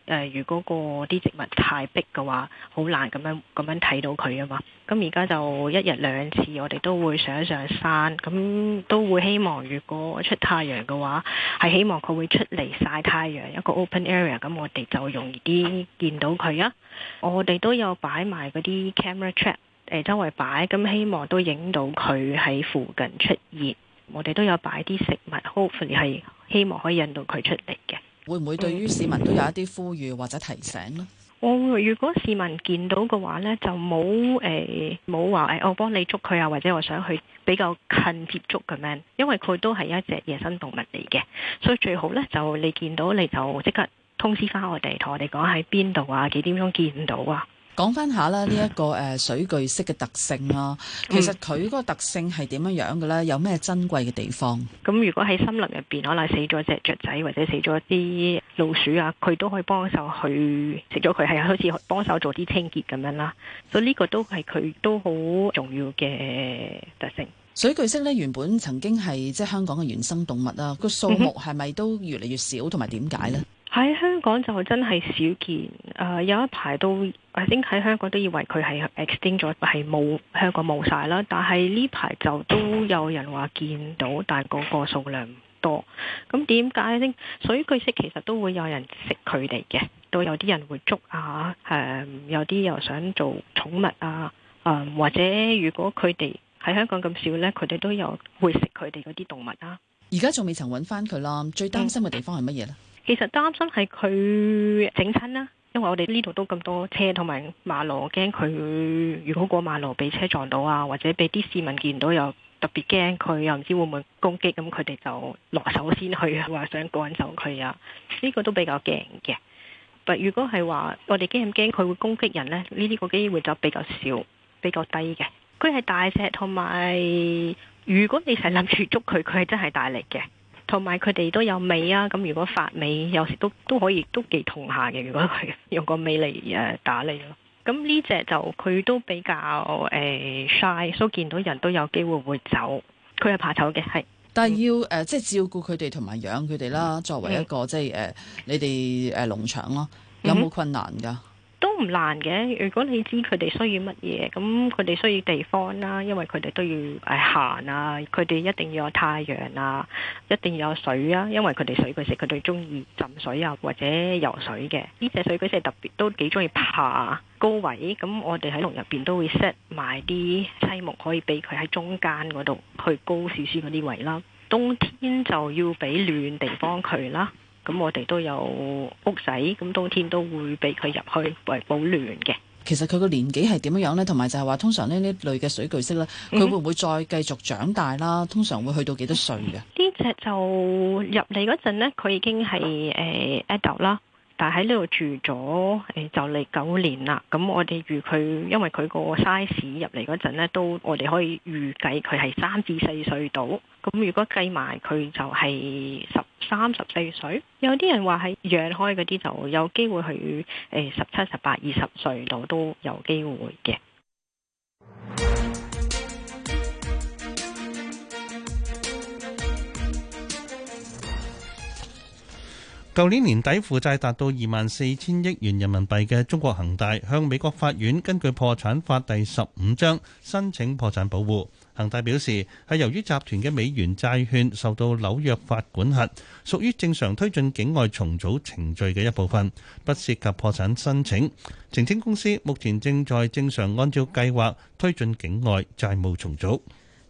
呃，如果、嗰個啲植物太逼嘅話，好難咁樣咁樣睇到佢啊嘛。咁而家就一日兩次，我哋都會上一上山，咁都會希望如果出太陽嘅話，係希望佢會出嚟晒太陽，一個 open area，咁我哋就容易啲見到佢啊。我哋都有擺埋嗰啲 camera trap，誒、呃、周圍擺，咁希望都影到佢喺附近出現。我哋都有擺啲食物 Hopefully 係希望可以引導佢出嚟嘅。會唔會對於市民都有一啲呼籲或者提醒咧？ (noise) 我如果市民見到嘅話呢，就冇誒冇話誒，我幫你捉佢啊，或者我想去比較近接觸咁樣，因為佢都係一隻野生動物嚟嘅，所以最好呢，就你見到你就即刻通知翻我哋，同我哋講喺邊度啊，幾點鐘見到啊？講翻下啦，呢一個誒水巨蜥嘅特性啦，其實佢嗰個特性係點樣樣嘅咧？有咩珍貴嘅地方？咁如果喺森林入邊，可能死咗隻雀仔或者死咗啲老鼠啊，佢都可以幫手去食咗佢，係啊好似幫手做啲清潔咁樣啦。所以呢個都係佢都好重要嘅特性。水巨蜥咧原本曾經係即係香港嘅原生動物啊，個數目係咪都越嚟越少，同埋點解咧？喺香港就真係少見，誒有一排都，我諗喺香港都以為佢係 extinct 咗，係冇香港冇晒啦。但係呢排就都有人話見到，但係嗰個數量唔多。咁點解呢？所以佢食其實都會有人食佢哋嘅，都有啲人會捉啊，誒有啲又想做寵物啊，誒或者如果佢哋喺香港咁少呢，佢哋都有會食佢哋嗰啲動物啊。而家仲未曾揾返佢啦，最擔心嘅地方係乜嘢呢？其實擔心係佢整親啦，因為我哋呢度都咁多車同埋馬路，我驚佢如果過馬路俾車撞到啊，或者俾啲市民見到又特別驚佢，又唔知會唔會攻擊，咁佢哋就落手先去話想趕走佢啊，呢、這個都比較驚嘅。但如果係話我哋驚唔驚佢會攻擊人呢？呢啲個機會就比較少、比較低嘅。佢係大隻同埋，如果你成日諗住捉佢，佢係真係大力嘅。同埋佢哋都有尾啊！咁如果發尾，有時都都可以都幾痛下嘅。如果係用個尾嚟誒打你咯、啊。咁呢隻就佢都比較誒、欸、shy，所以見到人都有機會會走。佢係怕醜嘅，係。但係要誒，即、呃、係、就是、照顧佢哋同埋養佢哋啦，嗯、作為一個即係誒你哋誒、呃、農場咯，有冇困難㗎？嗯都唔難嘅，如果你知佢哋需要乜嘢，咁佢哋需要地方啦、啊，因為佢哋都要誒行、哎、啊，佢哋一定要有太陽啊，一定要有水啊，因為佢哋水龜時佢哋中意浸水啊或者游水嘅。呢隻水龜真特別，都幾中意爬高位，咁我哋喺籠入邊都會 set 埋啲棲木可以俾佢喺中間嗰度去高少少嗰啲位啦。冬天就要俾暖地方佢啦。 (laughs) 咁我哋都有屋仔，咁冬天都會俾佢入去為保暖嘅。其實佢個年紀係點樣樣咧？同埋就係話通常呢呢類嘅水巨蜥咧，佢會唔會再繼續長大啦？通常會去到幾多歲嘅？呢隻就入嚟嗰陣咧，佢已經係誒、呃、adult 啦。但喺呢度住咗，誒、哎、就嚟九年啦。咁我哋預佢，因為佢個 size 入嚟嗰陣呢，都我哋可以預計佢係三至四歲到。咁如果計埋佢就係十三、十四歲。有啲人話喺養開嗰啲就有機會去誒十七、十、哎、八、二十歲到都有機會嘅。 (music) 舊年年底負債達到二萬四千億元人民幣嘅中國恒大，向美國法院根據破產法第十五章申請破產保護。恒大表示，係由於集團嘅美元債券受到紐約法管轄，屬於正常推進境外重組程序嘅一部分，不涉及破產申請。澄清公司目前正在正常按照計劃推進境外債務重組。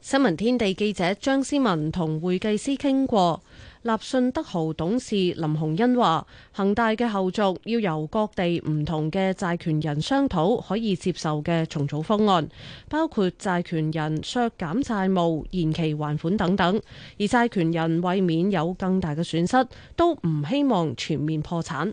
新聞天地記者張思文同會計師傾過。立信德豪董事林洪恩話：恒大嘅後續要由各地唔同嘅債權人商討可以接受嘅重組方案，包括債權人削減債務、延期還款等等。而債權人為免有更大嘅損失，都唔希望全面破產。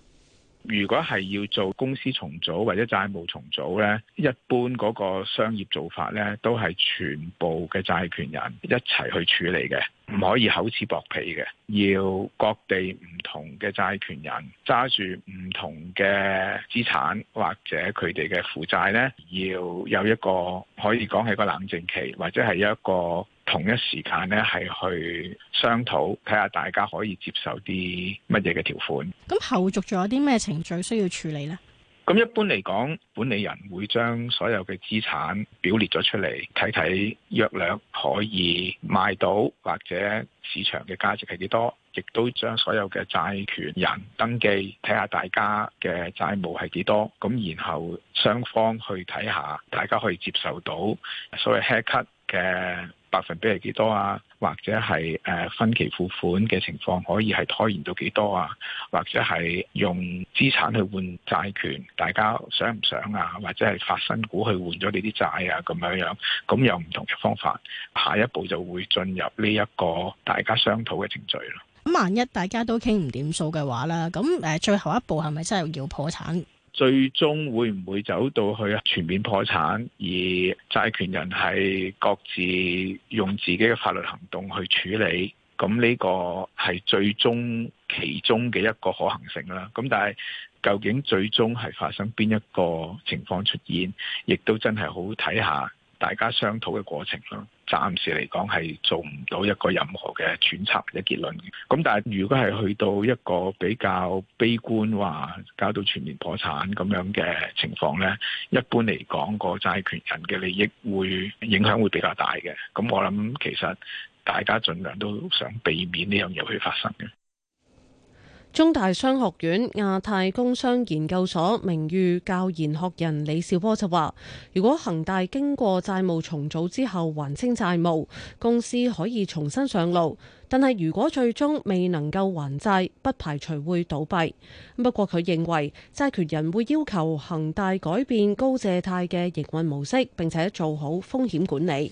如果係要做公司重組或者債務重組呢，一般嗰個商業做法呢，都係全部嘅債權人一齊去處理嘅，唔可以厚此薄彼嘅，要各地唔同嘅債權人揸住唔同嘅資產或者佢哋嘅負債呢，要有一個可以講係個冷靜期，或者係一個。同一時間咧，係去商討睇下大家可以接受啲乜嘢嘅條款。咁後續仲有啲咩程序需要處理呢？咁一般嚟講，管理人會將所有嘅資產表列咗出嚟，睇睇約略可以賣到或者市場嘅價值係幾多，亦都將所有嘅債權人登記，睇下大家嘅債務係幾多。咁然後雙方去睇下，大家可以接受到所謂 haircut 嘅百分比係幾多啊？或者係誒分期付款嘅情況可以係拖延到幾多啊？或者係用資產去換債權，大家想唔想啊？或者係發新股去換咗你啲債啊？咁樣樣咁有唔同嘅方法。下一步就會進入呢一個大家商討嘅程序咯。咁萬一大家都傾唔掂數嘅話啦，咁誒最後一步係咪真係要破產？最終會唔會走到去全面破產，而債權人係各自用自己嘅法律行動去處理，咁呢個係最終其中嘅一個可行性啦。咁但係究竟最終係發生邊一個情況出現，亦都真係好睇下。大家商討嘅過程咯，暫時嚟講係做唔到一個任何嘅揣測嘅結論。咁但係如果係去到一個比較悲觀話，搞到全面破產咁樣嘅情況呢，一般嚟講個債權人嘅利益會影響會比較大嘅。咁我諗其實大家盡量都想避免呢樣嘢去發生嘅。中大商學院亞太工商研究所名譽教研學人李兆波就話，如果恒大經過債務重組之後還清債務，公司可以重新上路。但係如果最終未能夠還債，不排除會倒閉。不過，佢認為債權人會要求恒大改變高借貸嘅營運模式，並且做好風險管理。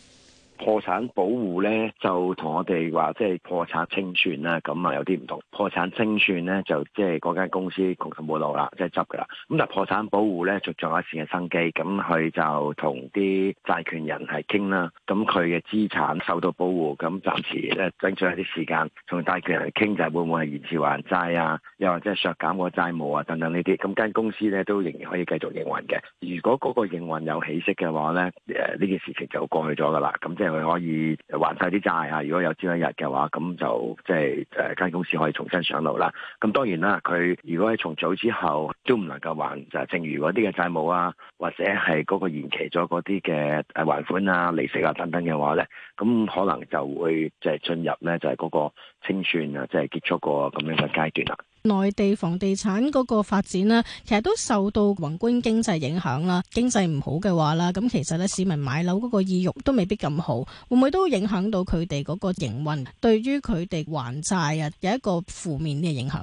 破產保護咧就同我哋話即係破產清算啦，咁啊有啲唔同。破產清算咧就即係嗰間公司冇落啦，即係執噶啦。咁但破產保護咧就仲有一線嘅生機，咁佢就同啲債權人係傾啦。咁佢嘅資產受到保護，咁暫時咧爭取一啲時間，同債權人傾就係、會唔會係延遲還債啊，又或者削減個債務啊等等呢啲。咁間公司咧都仍然可以繼續營運嘅。如果嗰個營運有起色嘅話咧，誒呢件事情就過去咗噶啦。咁即係。佢可以還晒啲債啊！如果有朝一日嘅話，咁就即係誒間公司可以重新上路啦。咁當然啦，佢如果喺重組之後都唔能夠還就剩餘嗰啲嘅債務啊，或者係嗰個延期咗嗰啲嘅誒還款啊、利息啊等等嘅話咧，咁可能就會即係進入咧就係嗰個。清算啊，即係結束過咁樣嘅階段啦。內地房地產嗰個發展咧，其實都受到宏觀經濟影響啦。經濟唔好嘅話啦，咁其實咧，市民買樓嗰個意欲都未必咁好，會唔會都影響到佢哋嗰個營運？對於佢哋還債啊，有一個負面嘅影響。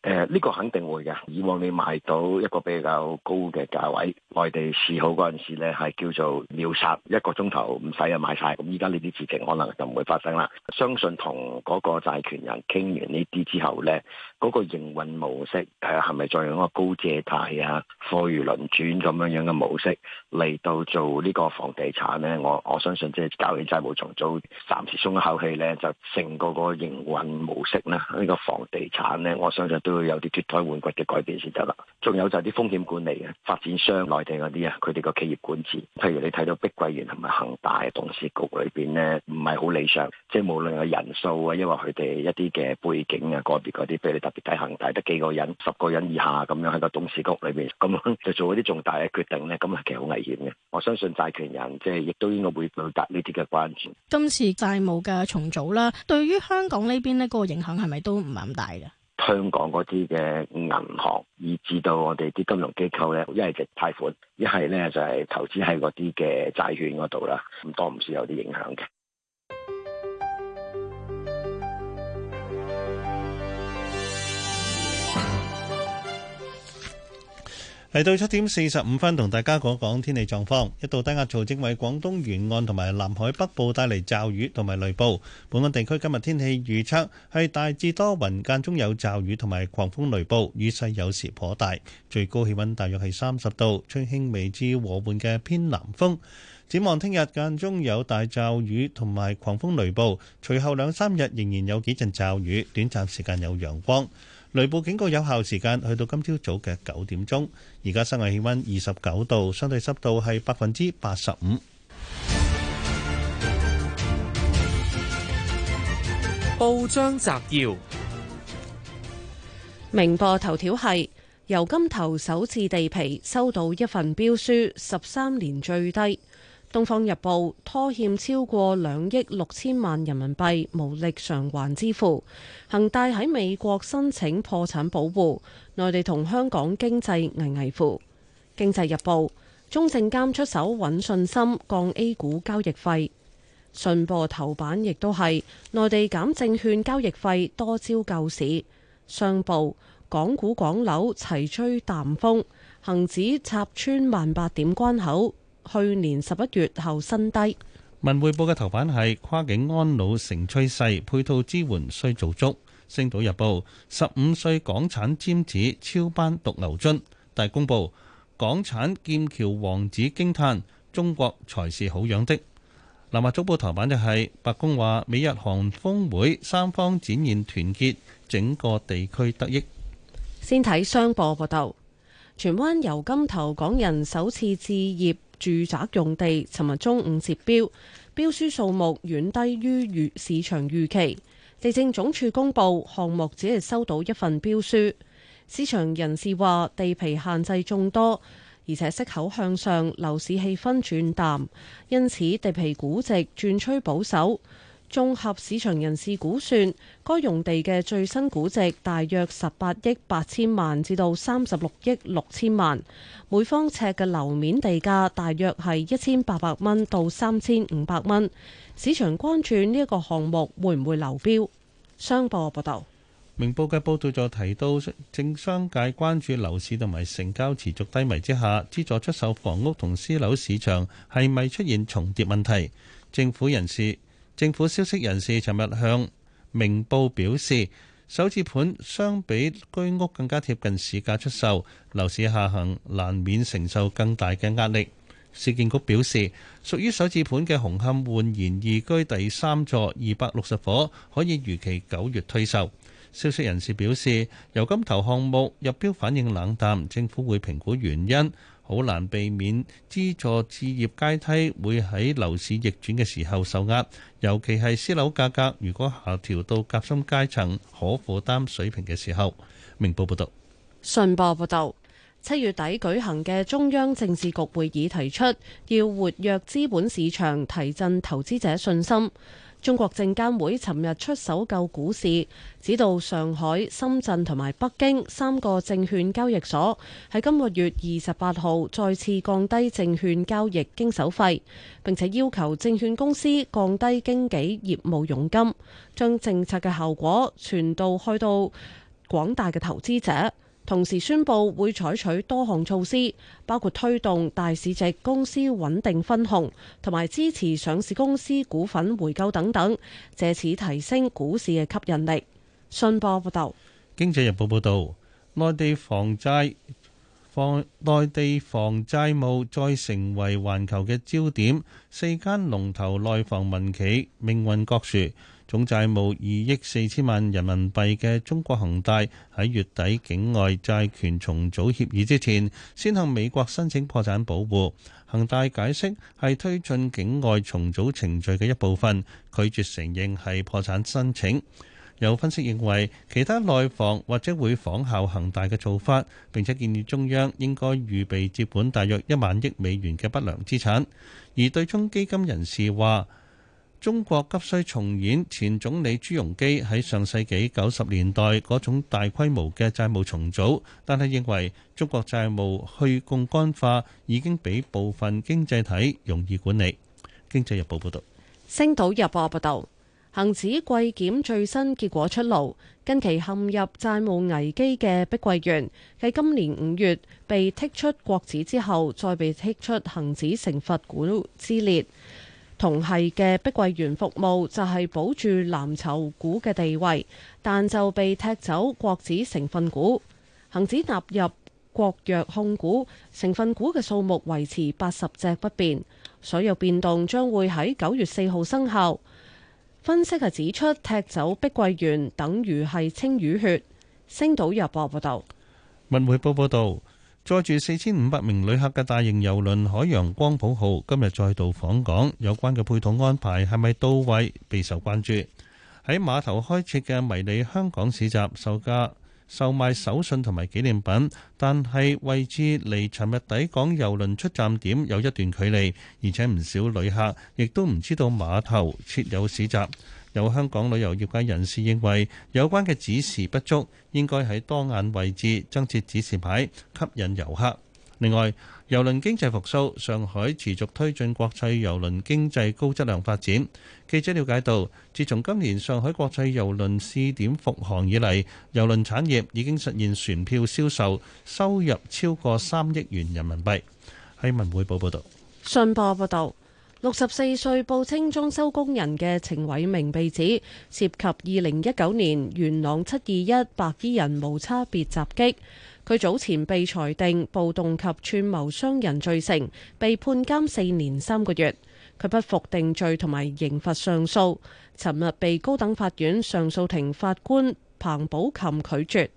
誒、呢、呃呢個肯定會嘅。以往你買到一個比較高嘅價位，內地市好嗰陣時咧，係叫做秒殺，一個鐘頭唔使啊買晒。咁依家呢啲事情可能就唔會發生啦。相信同嗰個債權人傾完呢啲之後呢，嗰個營運模式係係咪再用個高借貸啊、貨如輪轉咁樣樣嘅模式嚟到做呢個房地產咧？我我相信即係交完債務重組，暫時鬆一口氣咧，就成個個營運模式咧，呢個房地產咧，我相信都要有啲脫胎換骨嘅改變先得啦。仲有就係啲風險管理嘅發展商、內地嗰啲啊，佢哋個企業管治，譬如你睇到碧桂園同埋恒大董事局裏邊咧，唔係好理想，即係無論係人數啊，因為佢哋一啲嘅背景啊、個別嗰啲，譬如你。睇恒大得幾個人，十個人以下咁樣，喺個董事局裏邊，咁就做嗰啲重大嘅決定咧，咁係其實好危險嘅。我相信債權人即係亦都應該會表達呢啲嘅關注。今次債務嘅重組啦，對於香港呢邊咧嗰個影響係咪都唔係咁大嘅？香港嗰啲嘅銀行，以至到我哋啲金融機構咧，一係就貸款，一係咧就係投資喺嗰啲嘅債券嗰度啦，咁多唔少有啲影響嘅。嚟到七點四十五分，同大家講一講天氣狀況。一道低壓槽正為廣東沿岸同埋南海北部帶嚟驟雨同埋雷暴。本港地區今日天氣預測係大致多雲，間中有驟雨同埋狂風雷暴，雨勢有時頗大。最高氣温大約係三十度，吹輕微至和緩嘅偏南風。展望聽日間中有大驟雨同埋狂風雷暴，隨後兩三日仍然有幾陣驟雨，短暫時間有陽光。雷暴警告有效時間去到今朝早嘅九點鐘，而家室外氣溫二十九度，相對濕度係百分之八十五。報章摘要：明報頭條係油尖頭首次地皮收到一份標書，十三年最低。東方日報，拖欠超過兩億六千萬人民幣，無力償還支付。恒大喺美國申請破產保護，內地同香港經濟危危乎。經濟日報，中證監出手穩信心，降 A 股交易費。信報頭版亦都係內地減證券交易費，多招救市。上報，港股、港樓齊吹淡風，恒指插穿萬八點關口。去年十一月後新低。文匯報嘅頭版係跨境安老成趨勢，配套支援需做足。星島日報，十五歲港產尖子超班讀牛津。大公報，港產劍橋王子驚嘆中國才是好樣的。南華早報頭版就係白宮話美日韓峰會三方展現團結，整個地區得益。先睇商報報道，荃灣油金頭港人首次置業。住宅用地，尋日中午接標，標書數目遠低於預市場預期。地政總署公佈項目只係收到一份標書。市場人士話地皮限制眾多，而且息口向上，樓市氣氛轉淡，因此地皮估值轉趨保守。綜合市場人士估算，該用地嘅最新估值大約十八億八千萬至到三十六億六千萬，每方尺嘅樓面地價大約係一千八百蚊到三千五百蚊。市場關注呢一個項目會唔會流標。商報嘅報道，明報嘅報道就提到，政商界關注樓市同埋成交持續低迷之下，資助出售房屋同私樓市場係咪出現重疊問題。政府人士。政府消息人士尋日向明報表示，首置盤相比居屋更加貼近市價出售，樓市下行難免承受更大嘅壓力。市建局表示，屬於首置盤嘅紅磡煥然懿居第三座二百六十伙可以預期九月推售。消息人士表示，由今投項目入標反應冷淡，政府會評估原因。好難避免資助置業階梯會喺樓市逆轉嘅時候受壓，尤其係私樓價格如果下調到夾心階層可負擔水平嘅時候。明報報道。信報報道，七月底舉行嘅中央政治局會議提出要活躍資本市場，提振投資者信心。中國證監會尋日出手救股市，指導上海、深圳同埋北京三個證券交易所喺今個月二十八號再次降低證券交易經手費，並且要求證券公司降低經紀業務佣金，將政策嘅效果傳導去到廣大嘅投資者。同時宣布會採取多項措施，包括推動大市值公司穩定分紅，同埋支持上市公司股份回購等等，借此提升股市嘅吸引力。信報報道。《經濟日報》報道，內地房債房內地房債務再成為環球嘅焦點，四間龍頭內房民企命運各殊。總債務二億四千萬人民幣嘅中國恒大喺月底境外債權重組協議之前，先向美國申請破產保護。恒大解釋係推進境外重組程序嘅一部分，拒絕承認係破產申請。有分析認為，其他內房或者會仿效恒大嘅做法，並且建議中央應該預備接盤大約一萬億美元嘅不良資產。而對沖基金人士話。中國急需重演前總理朱鎔基喺上世紀九十年代嗰種大規模嘅債務重組，但係認為中國債務去槓桿化已經比部分經濟體容易管理。經濟日報報道，星島日報報道，恆指季檢最新結果出爐，近期陷入債務危機嘅碧桂園，喺今年五月被剔出國指之後，再被剔出恆指成分股之列。同系嘅碧桂園服務就係保住藍籌股嘅地位，但就被踢走國指成分股。恒指納入國藥控股成分股嘅數目維持八十隻不變，所有變動將會喺九月四號生效。分析係指出，踢走碧桂園等於係清淤血。星島日報報道，文匯報報道。載住四千五百名旅客嘅大型郵輪海洋光譜號今日再度訪港，有關嘅配套安排係咪到位備受關注。喺碼頭開設嘅迷你香港市集售，售價售賣手信同埋紀念品，但係位置離尋日抵港郵輪出站點有一段距離，而且唔少旅客亦都唔知道碼頭設有市集。有香港旅遊業界人士認為，有關嘅指示不足，應該喺當眼位置增設指示牌，吸引遊客。另外，郵輪經濟復甦，上海持續推進國際郵輪經濟高質量發展。記者瞭解到，自從今年上海國際郵輪試點復航以嚟，郵輪產業已經實現船票銷售收入超過三億元人民幣。喺文匯報報導，信報報導。六十四歲報稱裝修工人嘅程偉明被指涉及二零一九年元朗七二一白衣人無差別襲擊，佢早前被裁定暴動及串謀傷人罪成，被判監四年三個月。佢不服定罪同埋刑罰上訴，尋日被高等法院上訴庭法官彭寶琴拒絕。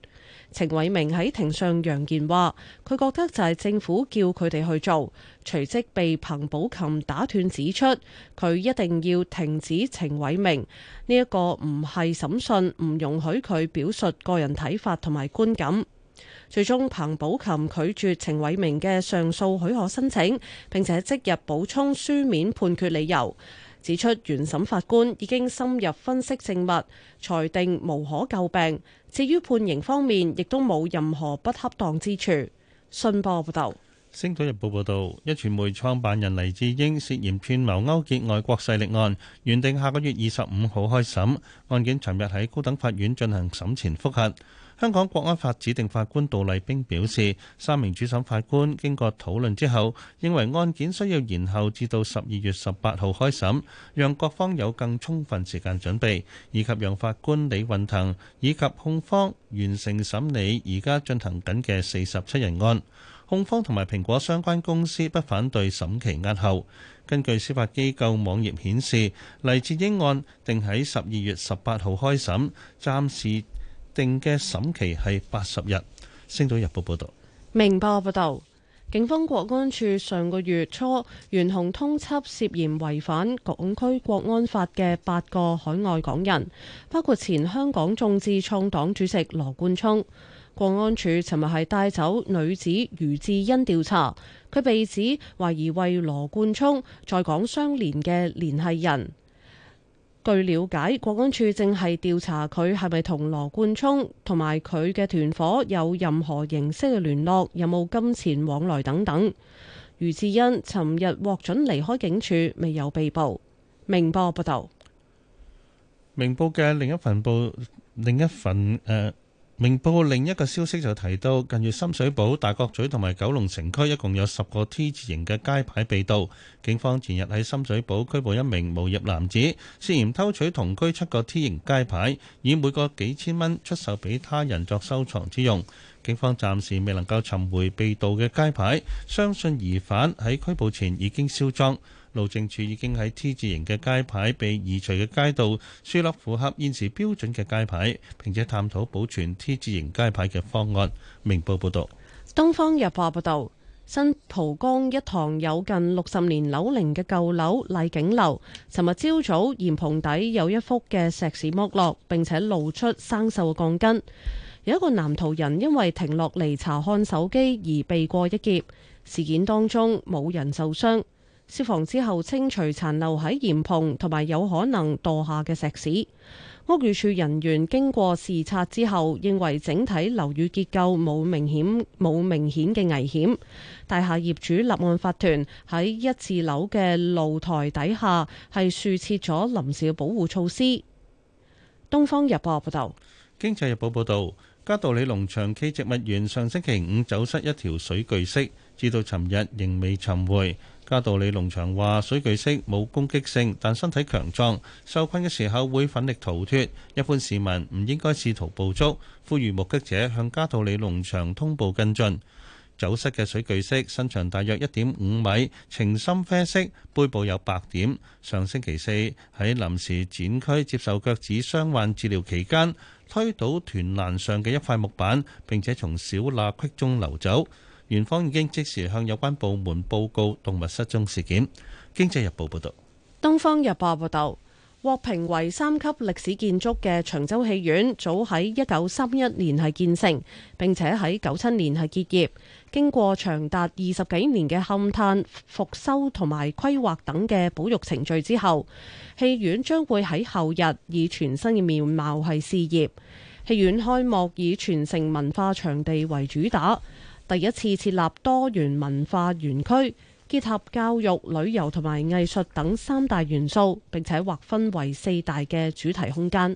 程偉明喺庭上揚言話，佢覺得就係政府叫佢哋去做，隨即被彭寶琴打斷指出，佢一定要停止程偉明，呢個唔係審訊，唔容許佢表述個人睇法同埋觀感。最終，彭寶琴拒絕程偉明嘅上訴許可申請，並且即日補充書面判決理由，指出原審法官已經深入分析證物，裁定無可詬病。至於判刑方面，亦都冇任何不恰當之處。信報報道。《星島日報》報道，一傳媒創辦人黎智英涉嫌串謀勾結外國勢力案，原定下個月二十五號開審，案件尋日喺高等法院進行審前複核。香港國安法指定法官杜麗冰表示，三名主審法官經過討論之後，認為案件需要延後至到十二月十八號開審，讓各方有更充分時間準備，以及讓法官李運騰以及控方完成審理而家進行緊嘅四十七人案。控方同埋蘋果相關公司不反對審期押後。根據司法機構網頁顯示，黎智英案定喺十二月十八號開審，暫時。定嘅審期係八十日。星島日報報道：明報報道，警方國安處上個月初懸紅通緝涉嫌違反港區國安法嘅八個海外港人，包括前香港眾志創黨主席羅冠聰。國安處尋日係帶走女子余志欣調查，佢被指懷疑為羅冠聰在港相連嘅聯繫人。據了解，國安處正係調查佢係咪同羅冠聰同埋佢嘅團伙有任何形式嘅聯絡，有冇金錢往來等等。余志恩尋日獲准離開警署，未有被捕。明報報道，明報嘅另一份報，另一份誒。呃明報另一個消息就提到，近月深水埗、大角咀同埋九龍城區一共有十個 T 字形嘅街牌被盜，警方前日喺深水埗拘捕一名無業男子，涉嫌偷取同居七個 T 型街牌，以每個幾千蚊出售俾他人作收藏之用。警方暫時未能夠尋回被盜嘅街牌，相信疑犯喺拘捕前已經銷贓。路政署已經喺 T 字形嘅街牌被移除嘅街道，樹立符合現時標準嘅街牌，並且探討保存 T 字形街牌嘅方案。明報報道。東方日報報道，新蒲崗一堂有近六十年樓齡嘅舊樓麗景樓，尋日朝早簷篷底有一幅嘅石屎剝落，並且露出生鏽嘅鋼筋。有一個男途人因為停落嚟查看手機而避過一劫，事件當中冇人受傷。消防之後清除殘留喺簷篷同埋有可能墮下嘅石屎。屋宇處人員經過視察之後，認為整體樓宇結構冇明顯冇明顯嘅危險。大廈業主立案法團喺一字樓嘅露台底下係豎設咗臨時保護措施。東方日報報道，經濟日報報道，嘉道理農場暨植物園上星期五走失一條水巨蜥，至到尋日仍未尋回。加道里農場話：水巨蜥冇攻擊性，但身體強壯，受困嘅時候會奮力逃脱。一般市民唔應該試圖捕捉。呼籲目擊者向加道里農場通報跟進。走失嘅水巨蜥身長大約一點五米，呈深啡色，背部有白點。上星期四喺臨時展區接受腳趾傷患治療期間，推倒團欄上嘅一塊木板，並且從小罅隙中溜走。園方已經即時向有關部門報告動物失蹤事件。經濟日報報道，東方日報報道，獲評為三級歷史建築嘅長洲戲院，早喺一九三一年係建成，並且喺九七年係結業。經過長達二十幾年嘅勘探、復修同埋規劃等嘅保育程序之後，戲院將會喺後日以全新嘅面貌係試業。戲院開幕以全城文化場地為主打。第一次設立多元文化園區，結合教育、旅遊同埋藝術等三大元素，並且劃分為四大嘅主題空間。《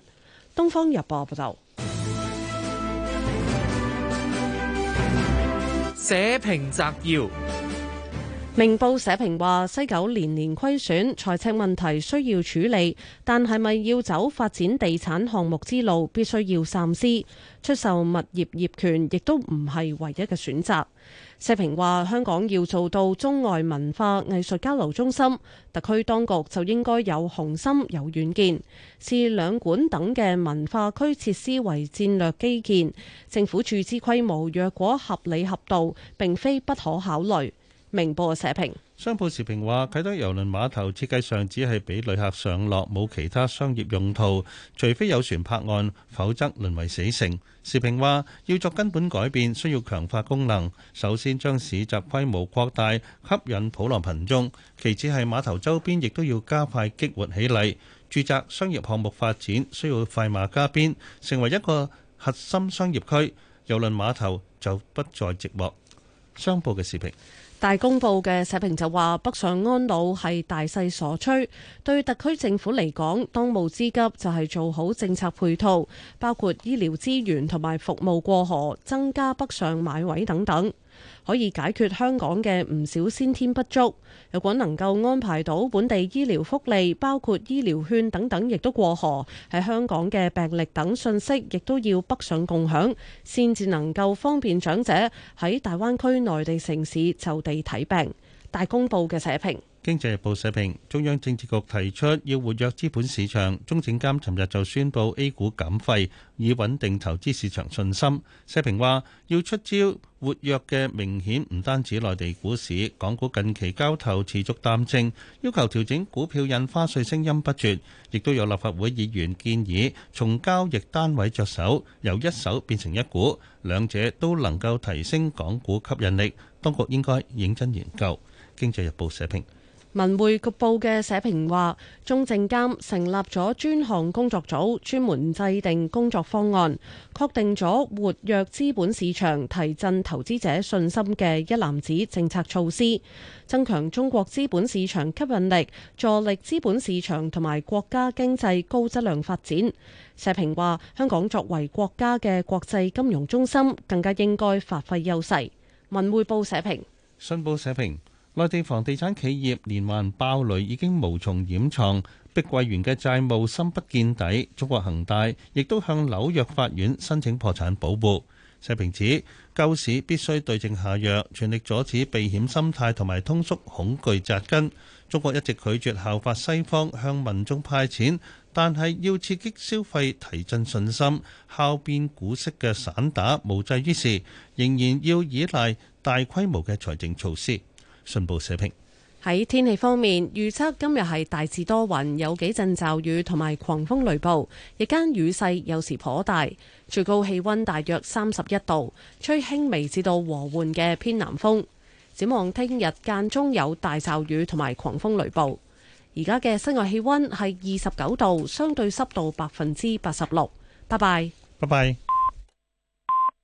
東方日報》報道。社評摘要。明報社評話西九年年虧損，財赤問題需要處理，但係咪要走發展地產項目之路，必須要三思。出售物業業權亦都唔係唯一嘅選擇。社評話香港要做到中外文化藝術交流中心，特區當局就應該有雄心有遠見，視兩館等嘅文化區設施為戰略基建，政府注資規模若果合理合道，並非不可考慮。明報社評商報時評話：啟德郵輪碼頭設計上只係俾旅客上落，冇其他商業用途。除非有船泊岸，否則淪為死城。時評話要作根本改變，需要強化功能。首先將市集規模擴大，吸引普羅羣眾；其次係碼頭周邊亦都要加快激活起嚟。住宅商業項目發展需要快馬加鞭，成為一個核心商業區，郵輪碼頭就不再寂寞。商報嘅時評。大公報嘅社評就話：北上安老係大勢所趨，對特區政府嚟講，當務之急就係做好政策配套，包括醫療資源同埋服務過河，增加北上買位等等。可以解決香港嘅唔少先天不足。如果能夠安排到本地醫療福利，包括醫療券等等，亦都過河，喺香港嘅病歷等信息，亦都要北上共享，先至能夠方便長者喺大灣區內地城市就地睇病。大公報嘅社評。經濟日報社評，中央政治局提出要活躍資本市場，中證監尋日就宣布 A 股減費，以穩定投資市場信心。社評話要出招活躍嘅，明顯唔單止內地股市，港股近期交投持續淡靜，要求調整股票印花稅聲音不絕，亦都有立法會議員建議從交易單位着手，由一手變成一股，兩者都能夠提升港股吸引力，當局應該認真研究。經濟日報社評。文匯報嘅社評話，中證監成立咗專項工作組，專門制定工作方案，確定咗活躍資本市場、提振投資者信心嘅一攬子政策措施，增強中國資本市場吸引力，助力資本市場同埋國家經濟高質量發展。社評話，香港作為國家嘅國際金融中心，更加應該發揮優勢。文匯報社評，信報社評。內地房地產企業連環爆雷已經無從掩藏，碧桂園嘅債務深不見底。中國恒大亦都向紐約法院申請破產保護。社評指，救市必須對症下藥，全力阻止避險心態同埋通縮恐懼扎根。中國一直拒絕效法西方向民眾派錢，但係要刺激消費、提振信心。敲邊股息嘅散打無濟於事，仍然要依賴大規模嘅財政措施。信報社評。喺天氣方面，預測今日係大致多雲，有幾陣驟雨同埋狂風雷暴，日間雨勢有時頗大，最高氣溫大約三十一度，吹輕微至到和緩嘅偏南風。展望聽日間中有大驟雨同埋狂風雷暴。而家嘅室外氣溫係二十九度，相對濕度百分之八十六。拜拜，拜拜。